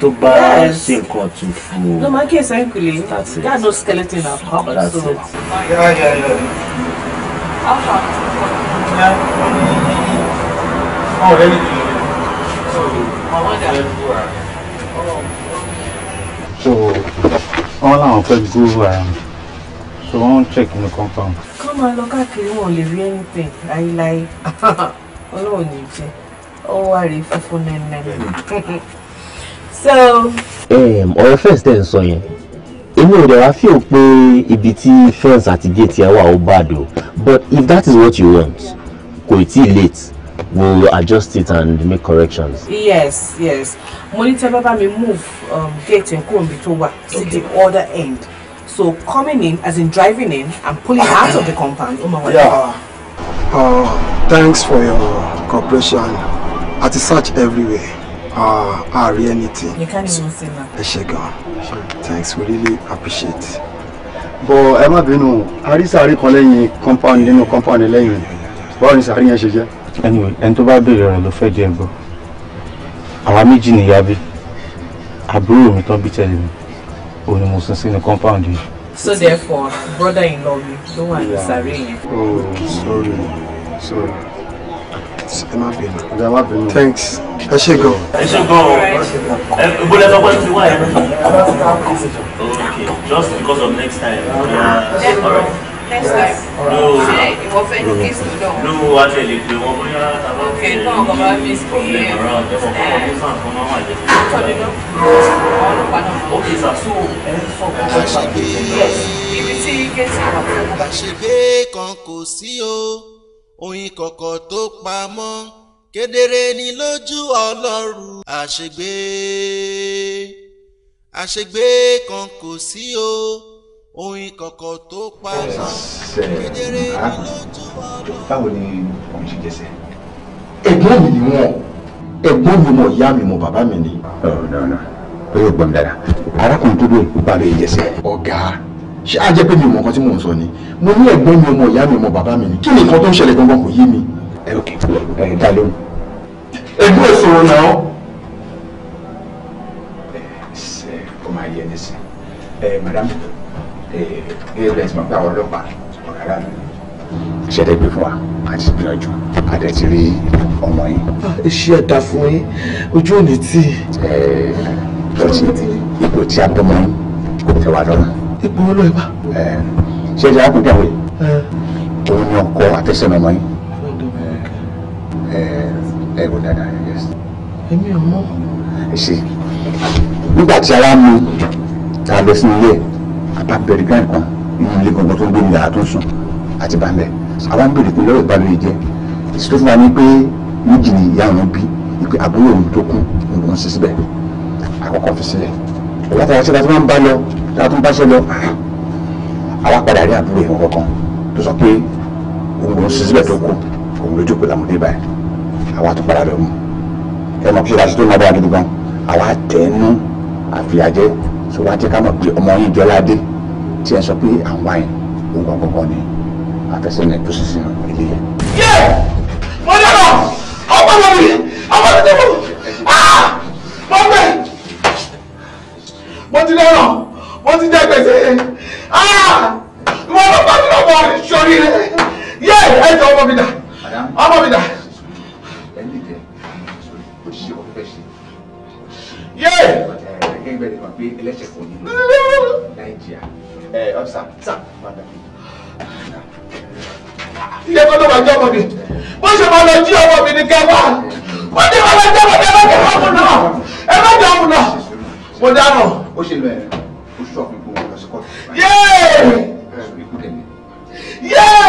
tó bá ṣe nǹkan tún fún un. no my case i kule that no skeleton at all. that's so. it. Yeah, yeah, yeah. how far. Yeah. oh really. so. Oh, so wọ́n làwọn fẹ́ gúrú ara mi so wọ́n ń check the compound. kọ́ máa lọ káàkiri wọn ò lè rí anything láéláé [laughs] ọlọ́run ní jẹ́ ọwọ́ wa rèé funfun nẹ́nẹ́. [laughs] so. Um, ọ̀rọ̀ fẹ́ǹsì tẹ̀ ń sọ yẹn èmi ò dẹ̀ wá fi hàn pé ibi tí fẹ́ǹsì àti gate yẹn wà ó bàdó but if that is what you want kò tí ì late we'll adjust it and make corrections. yes yes mo ní tẹ́lẹ̀ bá move um, gate nkúrò mi tó wà sí the other end so coming in as in driving in and pulling ah. out of the compound. Oh yeah. uh, thanks for your cooperation i dey search everywhere uh, i re anything. you can't even say that. ẹ ṣé thanks we really appreciate But bọ ẹ má bínú àrísàárí kan lẹ́yìn compound nínú compound lẹ́yìn báwo ni sàárì yẹn ṣe jẹ́ ẹnu ẹni tó bá béèrè ọ̀rọ̀ ló fẹ́ jẹ́ ń gbọ́ àwa méjì nìyá bí àbúrò mi tán bí tẹ̀lé mi òun ni mo sin sínú compound yìí. so therefore brother in law mi ló wà ní sàárè yẹn. oh sorry sorry ẹ má bínú ẹ má bínú thanks ẹ ṣe gan. ẹ ṣe gan o ẹ gbọ́dọ̀ ẹ lọ́gbọ́n ti wá ẹ. okay just because of next time. Yeah. Yeah next time. ṣé ìwọ fẹ́ ní kí sùn náà. ló wá tẹ̀lé pé wọ́n bóyá tàbá tẹ̀lé ní problem around ẹ̀fọ́ kọ́kọ́ tó sàn fún máa wà jẹ́ sí. tọ́jú náà ok sir so ẹ sọ fún wa ṣe pé kan kò sí o oyin kọ̀kọ̀ tó pamọ́ kedere ni lójú ọlọ́run àṣegbé àṣegbé kan kò sí o oyin kọ̀kọ̀ tó pa sàn kedere ni ló tún ọ̀dọ̀. báwo ni òun ṣe jẹsẹ. ẹ̀gbọ́n mi ni wọ́n ẹ̀gbọ́n mi mọ ìyá mi mọ bàbá mi ni. bẹ́ẹ̀ yóò gbọ́ mi dára arákùnrin tó dé ìgbà ló yẹ jẹsẹ. ọ̀gá ṣé a jẹ́ pé mi ò mọ nǹkan tí mò ń sọ ni mo ní ẹ̀gbọ́n mi ọmọ ìyá mi mọ bàbá mi ni kí ni nǹkan tó ń ṣẹlẹ̀ gangan kò yé mi. ẹ ok ẹ dá lóhùn. ẹgbẹ́ ìṣòro náà. ẹ ṣe kó máa yẹ nísìn ẹ madam as eh, eh, mọ̀ pé àwọn ọlọ́pàá ọ̀kadà mi ṣẹ̀dẹ̀ gbé fún wa àti gbìyànjú àdẹ̀tí rí ọmọ yín. Ah, iṣẹ́ ẹ̀dá fún yín ojú òní tí. ẹ eh, ẹ lọ́tí ipò tí a bọ́ mọ́ kò tẹ̀ wá lọ́nà. ipò ọlọ́ ìbá. ẹ ṣe é dára kó dàwé. òun ni ọkọ àtẹsẹ̀nà ọmọ yín. ẹ ẹ wò dáadáa yẹ. èmi ò mọ̀. ẹ ṣe nígbà tí ara mu ta lọ sí ilé ẹ àbábẹ̀rẹ̀ gan kan nínú ilé gangan tó ń gbé ìyàrá tó ń sùn àti bàmẹ́ àwọn ń bèrè pé lọ́rọ̀ ìbá lóye jẹ́ èsì tó fún wa ní pé méjì ni ìyá òun bí ni pé àbúrò òun tó kú òun sì síbẹ̀ àkọ́kọ́ fi sílẹ̀ látara ṣe láti máa ń bá lọ láti ń báṣẹ lọ àwa padà rí àbúrò ìwọ̀n kankan tó sọ pé òun òun sì síbẹ̀ tó kú òun lójú pé làmúdé báyìí àwa tó padà lọ mú ẹ mọ̀ so wá jẹ́ ká mọ̀ pé ọmọ yín Jọládé tí ẹ sọ pé àwọn wáyé òun gbọ̀ngbọ̀ngbọ̀n ni àfẹsẹ̀ ní tó sì sínú ilé yẹn. yé mo dára ọgbọ́n mi. push Yeah! yeah!